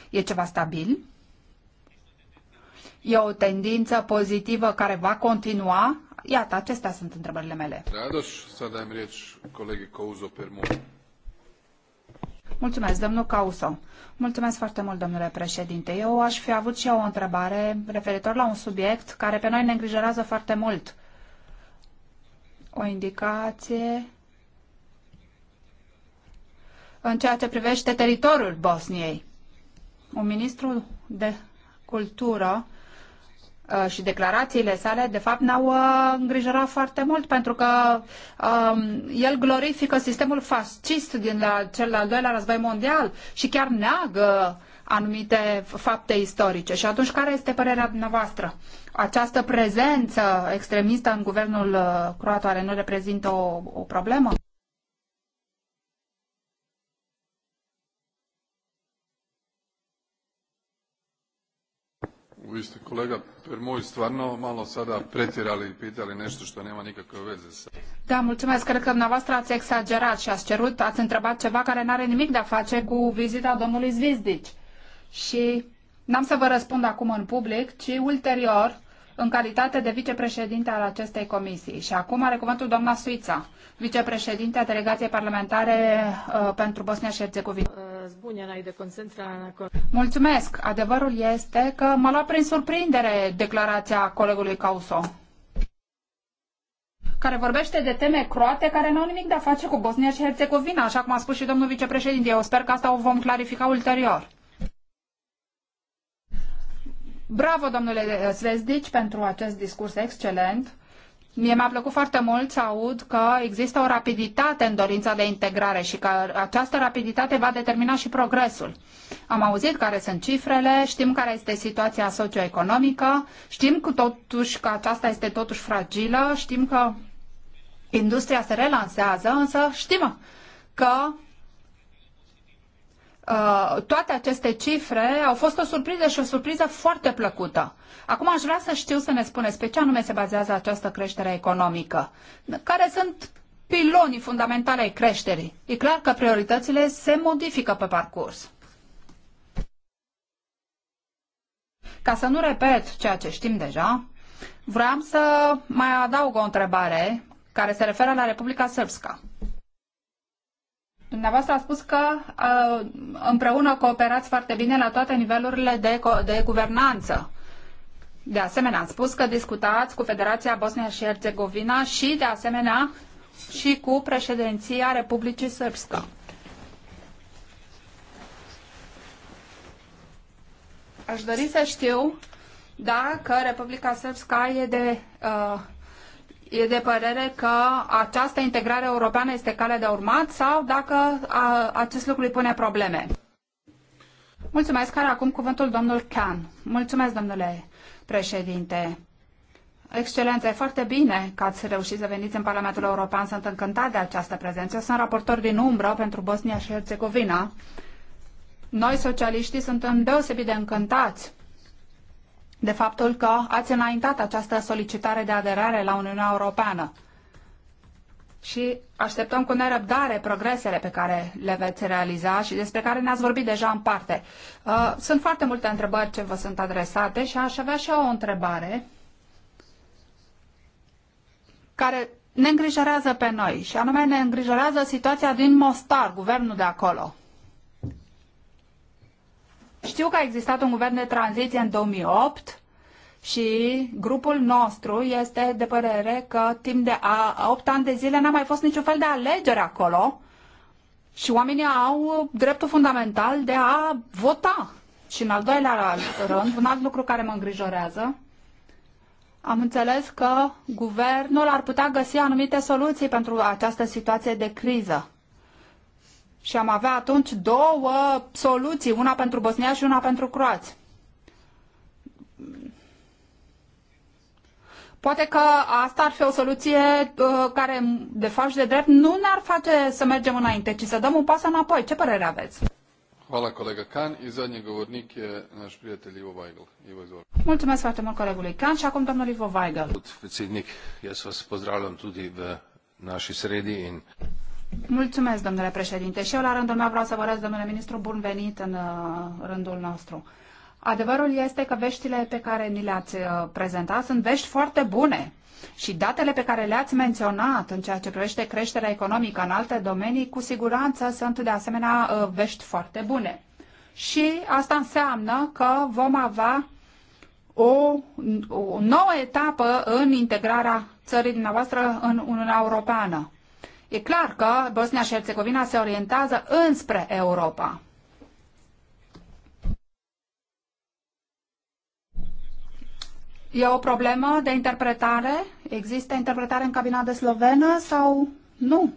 E ceva stabil? E o tendință pozitivă care va continua Iată, acestea sunt întrebările mele. Radoș, să dăm reci colegii Couzo Permu. Mulțumesc, domnul Causo. Mulțumesc foarte mult, domnule președinte. Eu aș fi avut și eu o întrebare referitor la un subiect care pe noi ne îngrijorează foarte mult. O indicație în ceea ce privește teritoriul Bosniei. Un ministru de cultură Uh, și declarațiile sale, de fapt, ne-au uh, îngrijorat foarte mult, pentru că um, el glorifică sistemul fascist din la, cel al doilea război mondial și chiar neagă anumite fapte istorice. Și atunci, care este părerea dumneavoastră? Această prezență extremistă în guvernul uh, croat oare nu reprezintă o, o problemă? vi ste kolega Permuj stvarno malo sada pretjerali i pitali nešto što nema nikakve veze sa... Da, mulțumesc. Cred că dumneavoastră ați exagerat și ați cerut, ați întrebat ceva care nu are nimic de a face cu vizita domnului Zvizdici. Și n-am să vă răspund acum în public, ci ulterior în calitate de vicepreședinte al acestei comisii. Și acum are cuvântul doamna Suița, vicepreședinte a Delegației Parlamentare uh, pentru Bosnia și Herțegovina. Uh, Mulțumesc! Adevărul este că m-a luat prin surprindere declarația colegului Causo care vorbește de teme croate care nu au nimic de a face cu Bosnia și Herțegovina, așa cum a spus și domnul vicepreședinte. Eu sper că asta o vom clarifica ulterior. Bravo, domnule Svezdici, pentru acest discurs excelent. Mie mi-a plăcut foarte mult să aud că există o rapiditate în dorința de integrare și că această rapiditate va determina și progresul. Am auzit care sunt cifrele, știm care este situația socioeconomică, știm că, totuși, că aceasta este totuși fragilă, știm că industria se relansează, însă știm că Uh, toate aceste cifre au fost o surpriză și o surpriză foarte plăcută. Acum aș vrea să știu să ne spuneți pe ce anume se bazează această creștere economică. Care sunt pilonii fundamentale ai creșterii? E clar că prioritățile se modifică pe parcurs. Ca să nu repet ceea ce știm deja, vreau să mai adaug o întrebare care se referă la Republica Sârbska. Dumneavoastră a spus că uh, împreună cooperați foarte bine la toate nivelurile de, de guvernanță. De asemenea, ați spus că discutați cu Federația Bosnia și Herțegovina și, de asemenea, și cu președinția Republicii Srpske. Aș dori să știu dacă Republica Srpska e de uh, e de părere că această integrare europeană este calea de urmat sau dacă a, acest lucru îi pune probleme. Mulțumesc, care acum cuvântul domnul Can. Mulțumesc, domnule președinte. Excelență, e foarte bine că ați reușit să veniți în Parlamentul European. Sunt încântat de această prezență. sunt raportor din umbră pentru Bosnia și Herțegovina. Noi, socialiștii, suntem deosebit de încântați de faptul că ați înaintat această solicitare de aderare la Uniunea Europeană și așteptăm cu nerăbdare progresele pe care le veți realiza și despre care ne-ați vorbit deja în parte. Uh, sunt foarte multe întrebări ce vă sunt adresate și aș avea și eu o întrebare care ne îngrijorează pe noi și anume ne îngrijorează situația din Mostar, guvernul de acolo. Știu că a existat un guvern de tranziție în 2008 și grupul nostru este de părere că timp de a, 8 ani de zile n-a mai fost niciun fel de alegere acolo și oamenii au dreptul fundamental de a vota. Și în al doilea rând, un alt lucru care mă îngrijorează, am înțeles că guvernul ar putea găsi anumite soluții pentru această situație de criză și am avea atunci două soluții, una pentru Bosnia și una pentru croați. Poate că asta ar fi o soluție uh, care, de fapt și de drept, nu ne-ar face să mergem înainte, ci să dăm un pas înapoi. Ce părere aveți? Hvala colega Can i zadnji govornik je naš prijatelj Ivo Weigel. Ivo, izvolite. Mulțumesc foarte mult colegului Can. și acum domnul Ivo Weigl. Predsednik, jaz vas pozdravljam tudi v naši sredi in Mulțumesc, domnule președinte. Și eu, la rândul meu, vreau să vă răz, domnule ministru, bun venit în uh, rândul nostru. Adevărul este că veștile pe care ni le-ați uh, prezentat sunt vești foarte bune. Și datele pe care le-ați menționat în ceea ce privește creșterea economică în alte domenii, cu siguranță sunt de asemenea uh, vești foarte bune. Și asta înseamnă că vom avea o, o nouă etapă în integrarea țării dumneavoastră în Uniunea Europeană. E clar că Bosnia și Herțegovina se orientează înspre Europa. E o problemă de interpretare? Există interpretare în cabina de slovenă sau nu?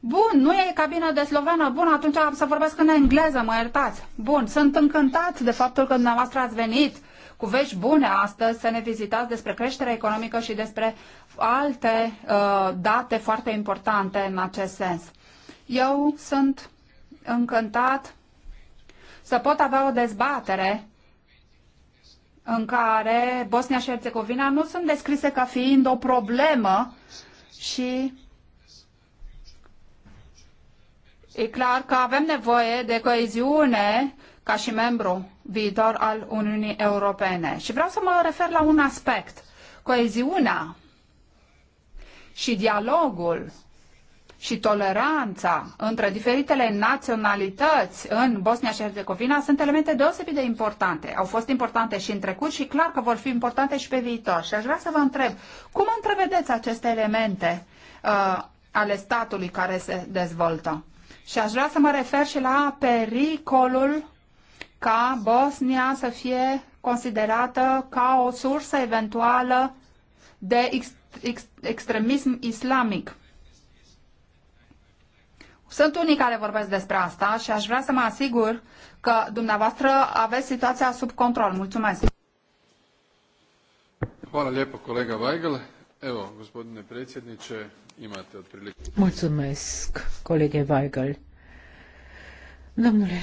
Bun, nu e cabina de slovenă. Bun, atunci am să vorbesc în engleză, mă iertați. Bun, sunt încântat de faptul că dumneavoastră ați venit cu vești bune astăzi să ne vizitați despre creșterea economică și despre alte uh, date foarte importante în acest sens. Eu sunt încântat să pot avea o dezbatere în care Bosnia și Herțegovina nu sunt descrise ca fiind o problemă și e clar că avem nevoie de coeziune ca și membru viitor al Uniunii Europene. Și vreau să mă refer la un aspect. Coeziunea și dialogul și toleranța între diferitele naționalități în Bosnia și Herzegovina sunt elemente deosebit de importante. Au fost importante și în trecut și clar că vor fi importante și pe viitor. Și aș vrea să vă întreb, cum întrevedeți aceste elemente uh, ale statului care se dezvoltă? Și aș vrea să mă refer și la pericolul ca Bosnia să fie considerată ca o sursă eventuală de ex, extremism islamic. Sunt unii care vorbesc despre asta și aș vrea să mă asigur că dumneavoastră aveți situația sub control. Mulțumesc! Hvala lijepo kolega Weigel. Evo, gospodine predsjedniče, imate otprilike... Mulțumesc, kolege Weigel. Domnule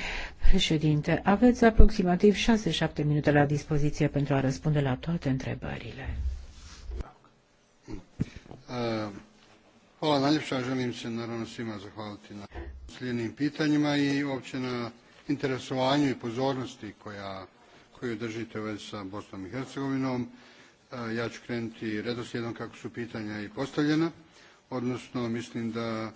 președinte, aveți aproximativ 6-7 minute la dispoziție pentru a răspunde la toate întrebările. Eh, hvala najljepša, želim se naravno svima zahvaliti na slijednim pitanjima i uopće na interesovanju i pozornosti koja, koju držite u sa Bosnom i Hercegovinom. Eh, ja ću krenuti redoslijedom kako su pitanja i postavljena, odnosno mislim da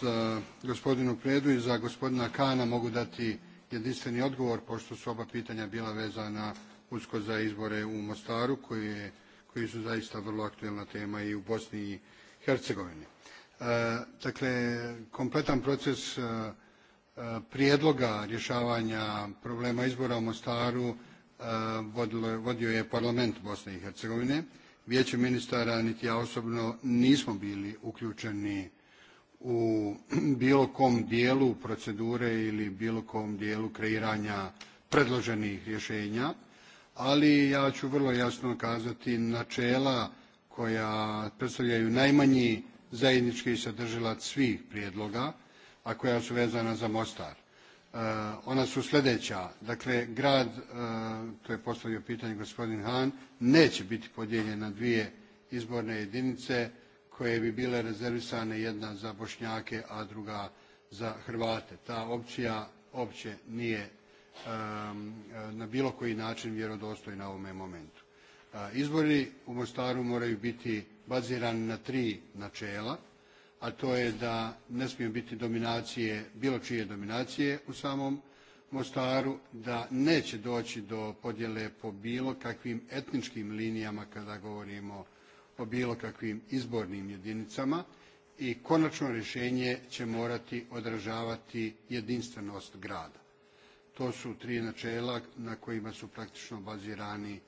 za gospodinu Predu i za gospodina Kana mogu dati jedinstveni odgovor, pošto su oba pitanja bila vezana usko za izbore u Mostaru, koji je koji su zaista vrlo aktuelna tema i u Bosni i Hercegovini. Dakle, kompletan proces prijedloga rješavanja problema izbora u Mostaru vodio je parlament Bosne i Hercegovine. Vijeće ministara, niti ja osobno, nismo bili uključeni u bilo kom dijelu procedure ili bilo kom dijelu kreiranja predloženih rješenja ali ja ću vrlo jasno kazati načela koja predstavljaju najmanji zajednički sadržilac svih prijedloga, a koja su vezana za Mostar. ona su sljedeća. Dakle, grad, to je postavio pitanje gospodin Han, neće biti podijeljen na dvije izborne jedinice koje bi bile rezervisane jedna za Bošnjake, a druga za Hrvate. Ta opcija opće nije Um, na bilo koji način vjerodostojna u ovome momentu. Izbori u Mostaru moraju biti bazirani na tri načela, a to je da ne smiju biti dominacije, bilo čije dominacije u samom Mostaru, da neće doći do podjele po bilo kakvim etničkim linijama kada govorimo o bilo kakvim izbornim jedinicama i konačno rješenje će morati odražavati jedinstvenost grada. To su tri načela na kojima su praktično bazirani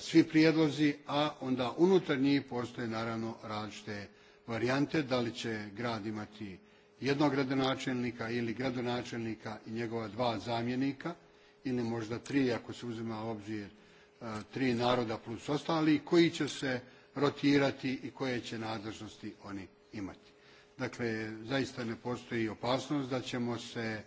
svi prijedlozi, a onda unutar njih postoje naravno različite varijante, da li će grad imati jednog gradonačelnika ili gradonačelnika i njegova dva zamjenika ili možda tri ako se uzima obzir tri naroda plus ostali koji će se rotirati i koje će nadležnosti oni imati. Dakle, zaista ne postoji opasnost da ćemo se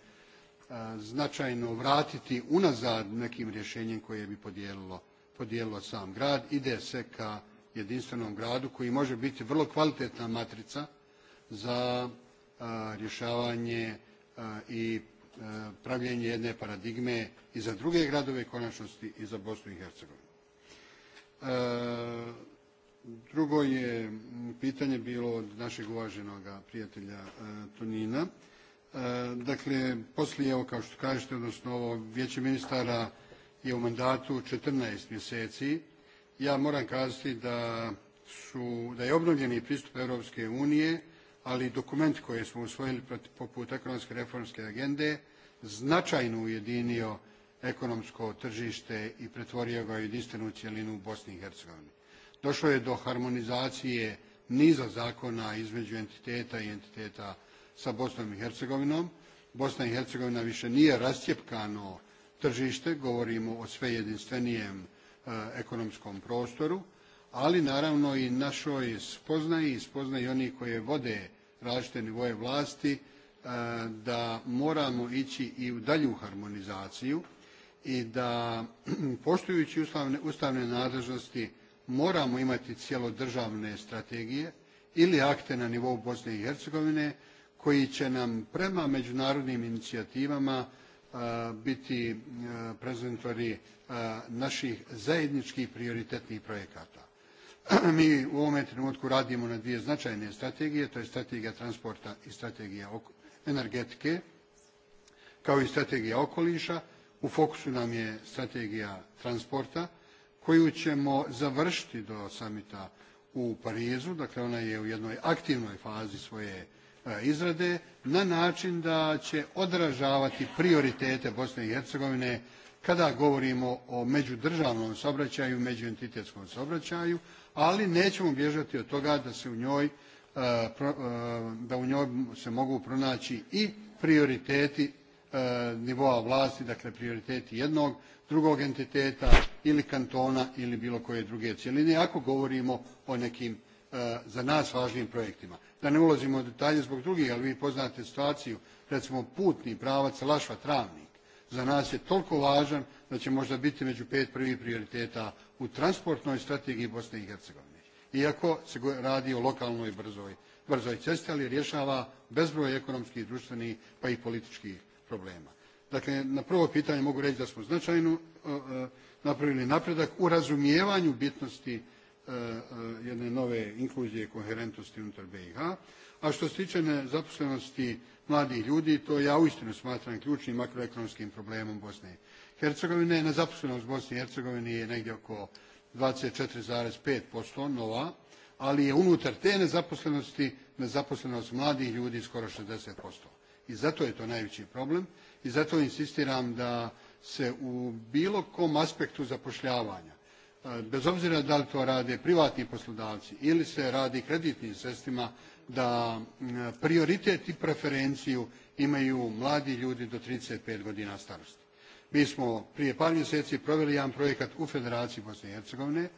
značajno vratiti unazad nekim rješenjem koje bi podijelilo, podijelilo sam grad. Ide se ka jedinstvenom gradu koji može biti vrlo kvalitetna matrica za a, rješavanje i pravljenje jedne paradigme i za druge gradove konačnosti i za Bosnu i Hercegovinu. Drugo je pitanje bilo od našeg uvaženog prijatelja Tonina Eh, dakle, poslije, evo kao što kažete, odnosno ovo vijeće ministara je u mandatu 14 mjeseci. Ja moram kazati da, su, da je obnovljeni pristup Europske unije, ali dokument koji smo usvojili poput ekonomske reformske agende, značajno ujedinio ekonomsko tržište i pretvorio ga u jedinstvenu cjelinu u Bosni i Hercegovini. Došlo je do harmonizacije niza zakona između entiteta i entiteta sa Bosnom i Hercegovinom. Bosna i Hercegovina više nije rascijepkano tržište, govorimo o sve jedinstvenijem e, ekonomskom prostoru, ali naravno i našoj spoznaji i spoznaji oni koje vode različite nivoje vlasti e, da moramo ići i u dalju harmonizaciju i da (clears throat) poštujući ustavne, ustavne nadležnosti moramo imati državne strategije ili akte na nivou Bosne i Hercegovine koji će nam prema međunarodnim inicijativama biti prezentori naših zajedničkih prioritetnih projekata. (clears throat) Mi u ovome trenutku radimo na dvije značajne strategije, to je strategija transporta i strategija energetike, kao i strategija okoliša. U fokusu nam je strategija transporta koju ćemo završiti do samita u Parizu, dakle ona je u jednoj aktivnoj fazi svoje izrade na način da će odražavati prioritete Bosne i Hercegovine kada govorimo o međudržavnom saobraćaju, međuentitetskom saobraćaju, ali nećemo bježati od toga da se u njoj da u njoj se mogu pronaći i prioriteti nivoa vlasti, dakle prioriteti jednog, drugog entiteta ili kantona ili bilo koje druge cjeline, ako govorimo o nekim za nas važnim projektima da ne ulazimo u detalje zbog drugih, ali vi poznate situaciju, recimo putni pravac Lašva Travnik, za nas je toliko važan da će možda biti među pet prvih prioriteta u transportnoj strategiji Bosne i Hercegovine. Iako se radi o lokalnoj brzoj, brzoj cesti, ali rješava bezbroj ekonomskih, društvenih pa i političkih problema. Dakle, na prvo pitanje mogu reći da smo značajno uh, napravili napredak u razumijevanju bitnosti uh, Uh, uh, jedne nove inkluzije i koherentnosti unutar BiH. A što se tiče nezaposlenosti mladih ljudi, to ja uistinu smatram ključnim makroekonomskim problemom Bosne i Hercegovine. Nezaposlenost Bosne i Hercegovine je negdje oko 24,5% nova, ali je unutar te nezaposlenosti nezaposlenost mladih ljudi skoro 60%. I zato je to najveći problem i zato insistiram da se u bilo kom aspektu zapošljavanja bez obzira da li to rade privatni poslodavci ili se radi kreditnim sredstvima da prioritet i preferenciju imaju mladi ljudi do 35 godina starosti. Mi smo prije par mjeseci proveli jedan projekat u Federaciji Bosne i Hercegovine.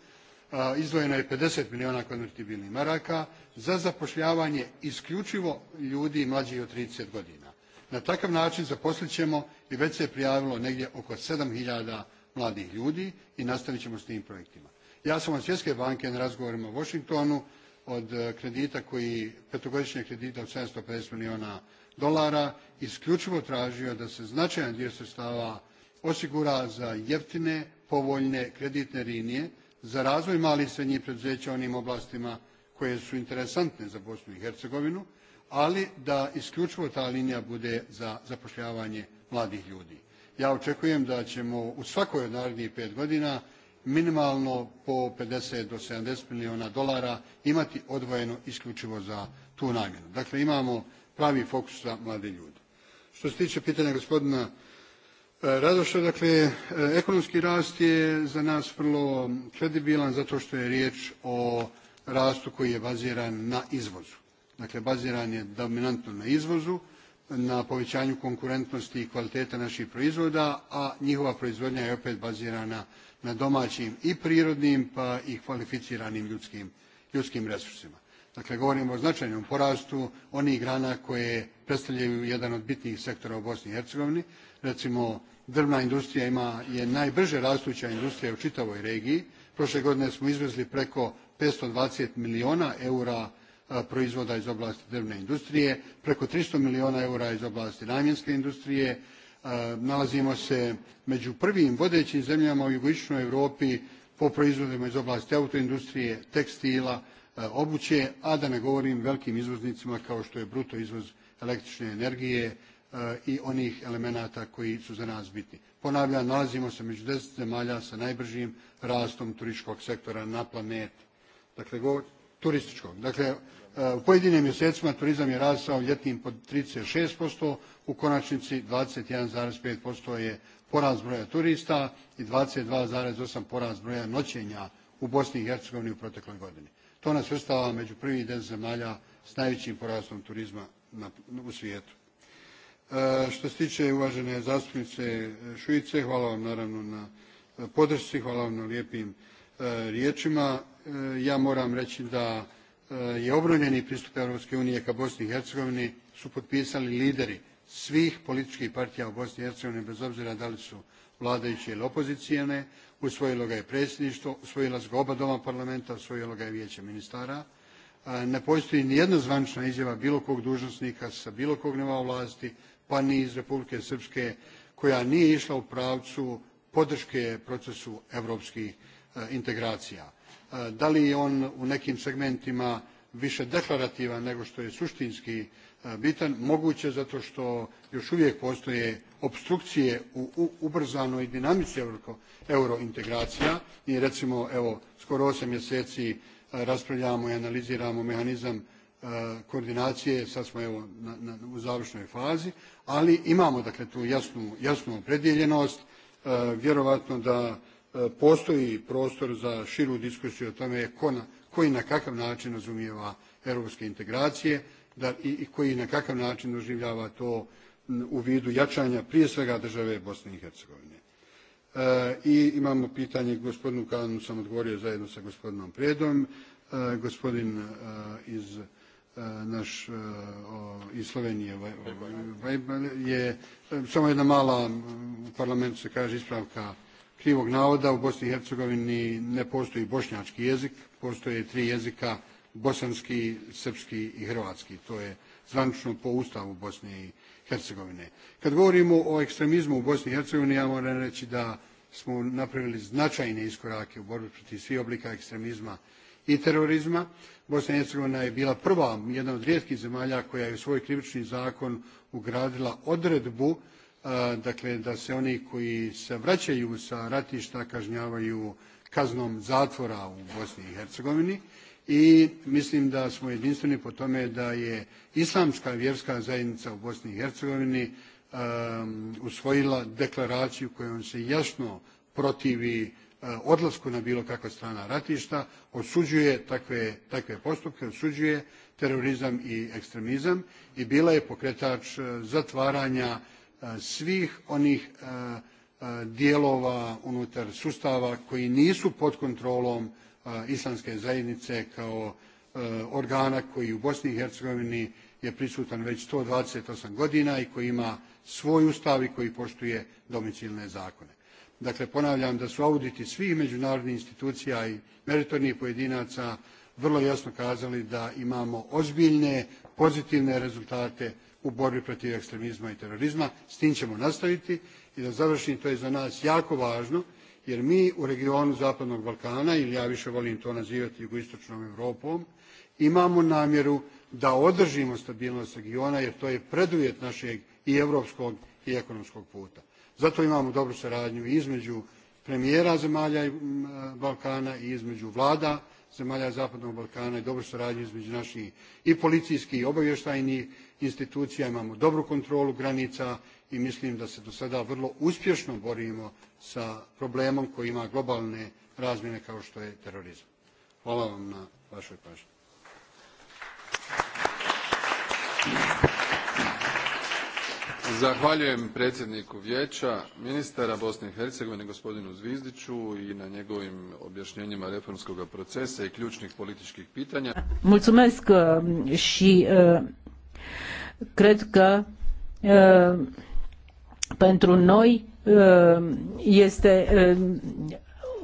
Izdvojeno je 50 milijuna konvertibilnih maraka za zapošljavanje isključivo ljudi mlađih od 30 godina. Na takav način zaposlit ćemo i već se prijavilo negdje oko 7000 mladih ljudi i nastavit ćemo s tim projektima. Ja sam od Svjetske banke na razgovorima u Washingtonu od kredita koji, petogodišnjeg kredita od 750 milijuna dolara, isključivo tražio da se značajan dio sredstava osigura za jeftine, povoljne kreditne linije za razvoj malih i srednjih preduzeća u onim oblastima koje su interesantne za Bosnu i Hercegovinu, ali da isključivo ta linija bude za zapošljavanje mladih ljudi ja očekujem da ćemo u svakoj od narednih pet godina minimalno po 50 do 70 milijuna dolara imati odvojeno isključivo za tu namjenu. Dakle, imamo pravi fokus za mlade ljude. Što se tiče pitanja gospodina Radoša, dakle, ekonomski rast je za nas vrlo kredibilan zato što je riječ o rastu koji je baziran na izvozu. Dakle, baziran je dominantno na izvozu na povećanju konkurentnosti i kvalitete naših proizvoda, a njihova proizvodnja je opet bazirana na domaćim i prirodnim pa i kvalificiranim ljudskim, ljudskim resursima. Dakle, govorimo o značajnom porastu onih grana koje predstavljaju jedan od bitnijih sektora u Bosni i Hercegovini. Recimo, drvna industrija ima, je najbrže rastuća industrija u čitavoj regiji. Prošle godine smo izvezli preko 520 miliona eura proizvoda iz oblasti drvne industrije, preko 300 miliona eura iz oblasti namjenske industrije. Nalazimo se među prvim vodećim zemljama u jugoistočnoj Europi po proizvodima iz oblasti autoindustrije, tekstila, obuće, a da ne govorim velikim izvoznicima kao što je bruto izvoz električne energije i onih elemenata koji su za nas bitni. Ponavljam, nalazimo se među deset zemalja sa najbržim rastom turističkog sektora na planeti. Dakle, turističkog. Dakle, Uh, u pojedinim mjesecima turizam je rastao ljetnim pod 36%, u konačnici 21,5% je porast broja turista i 22,8% porast broja noćenja u Bosni i Hercegovini u protekloj godini. To nas vrstava među prvih 10 zemalja s najvećim porastom turizma na, u svijetu. E, uh, što se tiče uvažene zastupnice Šuice, hvala vam naravno na uh, podršci, hvala vam na lijepim e, riječima. E, ja moram reći da Eh, je obnovljeni pristup Europske unije ka Bosni i Hercegovini su potpisali lideri svih političkih partija u Bosni i Hercegovini, bez obzira da li su vladajuće ili opozicijene, usvojilo ga je predsjedništvo, usvojila su ga oba doma parlamenta, usvojilo ga je vijeće ministara. Eh, ne postoji ni jedna zvanična izjava bilo kog dužnosnika sa bilo kog nivoa vlasti, pa ni iz Republike Srpske, koja nije išla u pravcu podrške procesu evropskih eh, integracija da li je on u nekim segmentima više deklarativan nego što je suštinski bitan, moguće zato što još uvijek postoje obstrukcije u ubrzanoj dinamici eurointegracija i recimo evo skoro osam mjeseci raspravljamo i analiziramo mehanizam koordinacije, sad smo evo na, na, u završnoj fazi, ali imamo dakle tu jasnu, jasnu opredjeljenost, vjerovatno da postoji prostor za širu diskusiju o tome ko na, koji na kakav način razumijeva europske integracije da, i, koji na kakav način doživljava to u vidu jačanja prije svega države Bosne i Hercegovine. I imamo pitanje gospodinu Kanu, sam odgovorio zajedno sa gospodinom Predom. gospodin iz naš iz Slovenije Vajbal je, samo jedna mala, u parlamentu se kaže ispravka, krivog navoda u Bosni i Hercegovini ne postoji bošnjački jezik, postoje tri jezika, bosanski, srpski i hrvatski. To je zvančno po Ustavu Bosne i Hercegovine. Kad govorimo o ekstremizmu u Bosni i Hercegovini, ja moram reći da smo napravili značajne iskorake u borbi protiv svih oblika ekstremizma i terorizma. Bosna i Hercegovina je bila prva, jedna od rijetkih zemalja koja je u svoj krivični zakon ugradila odredbu dakle da se oni koji se vraćaju sa ratišta kažnjavaju kaznom zatvora u Bosni i Hercegovini i mislim da smo jedinstveni po tome da je islamska vjerska zajednica u Bosni i Hercegovini um, usvojila deklaraciju kojom se jasno protivi odlasku na bilo kakva strana ratišta, osuđuje takve, takve postupke, osuđuje terorizam i ekstremizam i bila je pokretač zatvaranja uh, svih onih dijelova unutar sustava koji nisu pod kontrolom islamske zajednice kao organa koji u Bosni i Hercegovini je prisutan već 128 godina i koji ima svoj ustav i koji poštuje domicilne zakone. Dakle, ponavljam da su auditi svih međunarodnih institucija i meritornih pojedinaca vrlo jasno kazali da imamo ozbiljne pozitivne rezultate u borbi protiv ekstremizma i terorizma. S tim ćemo nastaviti i da završim, to je za nas jako važno, jer mi u regionu Zapadnog Balkana, ili ja više volim to nazivati jugoistočnom Europom, imamo namjeru da održimo stabilnost regiona, jer to je preduvjet našeg i europskog i ekonomskog puta. Zato imamo dobru saradnju između premijera zemalja Balkana i između vlada zemalja Zapadnog Balkana i dobru saradnju između naših i policijskih i obavještajnih institucija, imamo dobru kontrolu granica i mislim da se do sada vrlo uspješno borimo sa problemom koji ima globalne razmjene kao što je terorizam. Hvala vam na vašoj pažnji. Zahvaljujem predsjedniku Vijeća ministara Bosne i Hercegovine gospodinu Zvizdiću i na njegovim objašnjenjima reformskog procesa i ključnih političkih pitanja. Mulțumesc uh, și uh Cred că uh, pentru noi uh, este uh,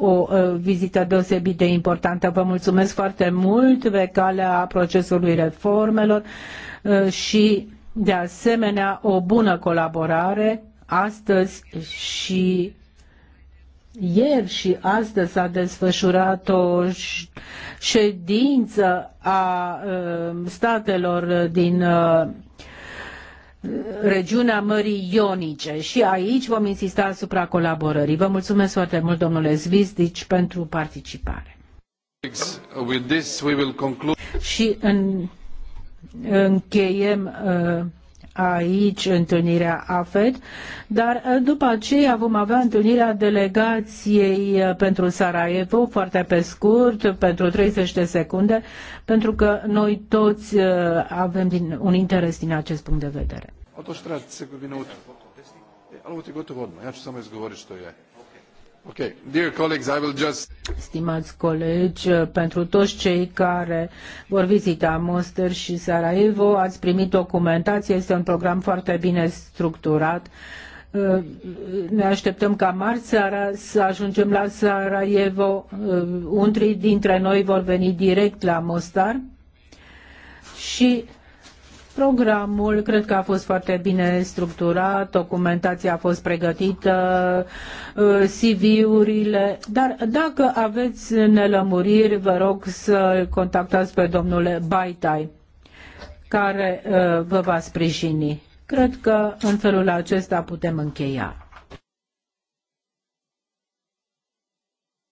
o vizită deosebit de importantă. Vă mulțumesc foarte mult pe calea procesului reformelor și de asemenea o bună colaborare astăzi și ieri și astăzi s-a desfășurat o ședință a um, statelor din uh, regiunea Mării Ionice și aici vom insista asupra colaborării. Vă mulțumesc foarte mult, domnule Zvizdici, pentru participare. Și în, încheiem uh, aici întâlnirea AFED, dar după aceea vom avea întâlnirea delegației pentru Sarajevo, foarte pe scurt, pentru 30 de secunde, pentru că noi toți avem din, un interes din acest punct de vedere. Otoš tražite se minutu. Okay. Dear colleagues, I will just... Stimați colegi, pentru toți cei care vor vizita Mostar și Sarajevo, ați primit documentație, este un program foarte bine structurat. Uh, ne așteptăm ca marți seara să ajungem la Sarajevo. Uh, untrii dintre noi vor veni direct la Mostar și Programul cred că a fost foarte bine structurat, documentația a fost pregătită, uh, CV-urile, dar dacă aveți nelămuriri, vă rog să contactați pe domnul Baitai, care uh, vă va sprijini. Cred că în felul acesta putem încheia.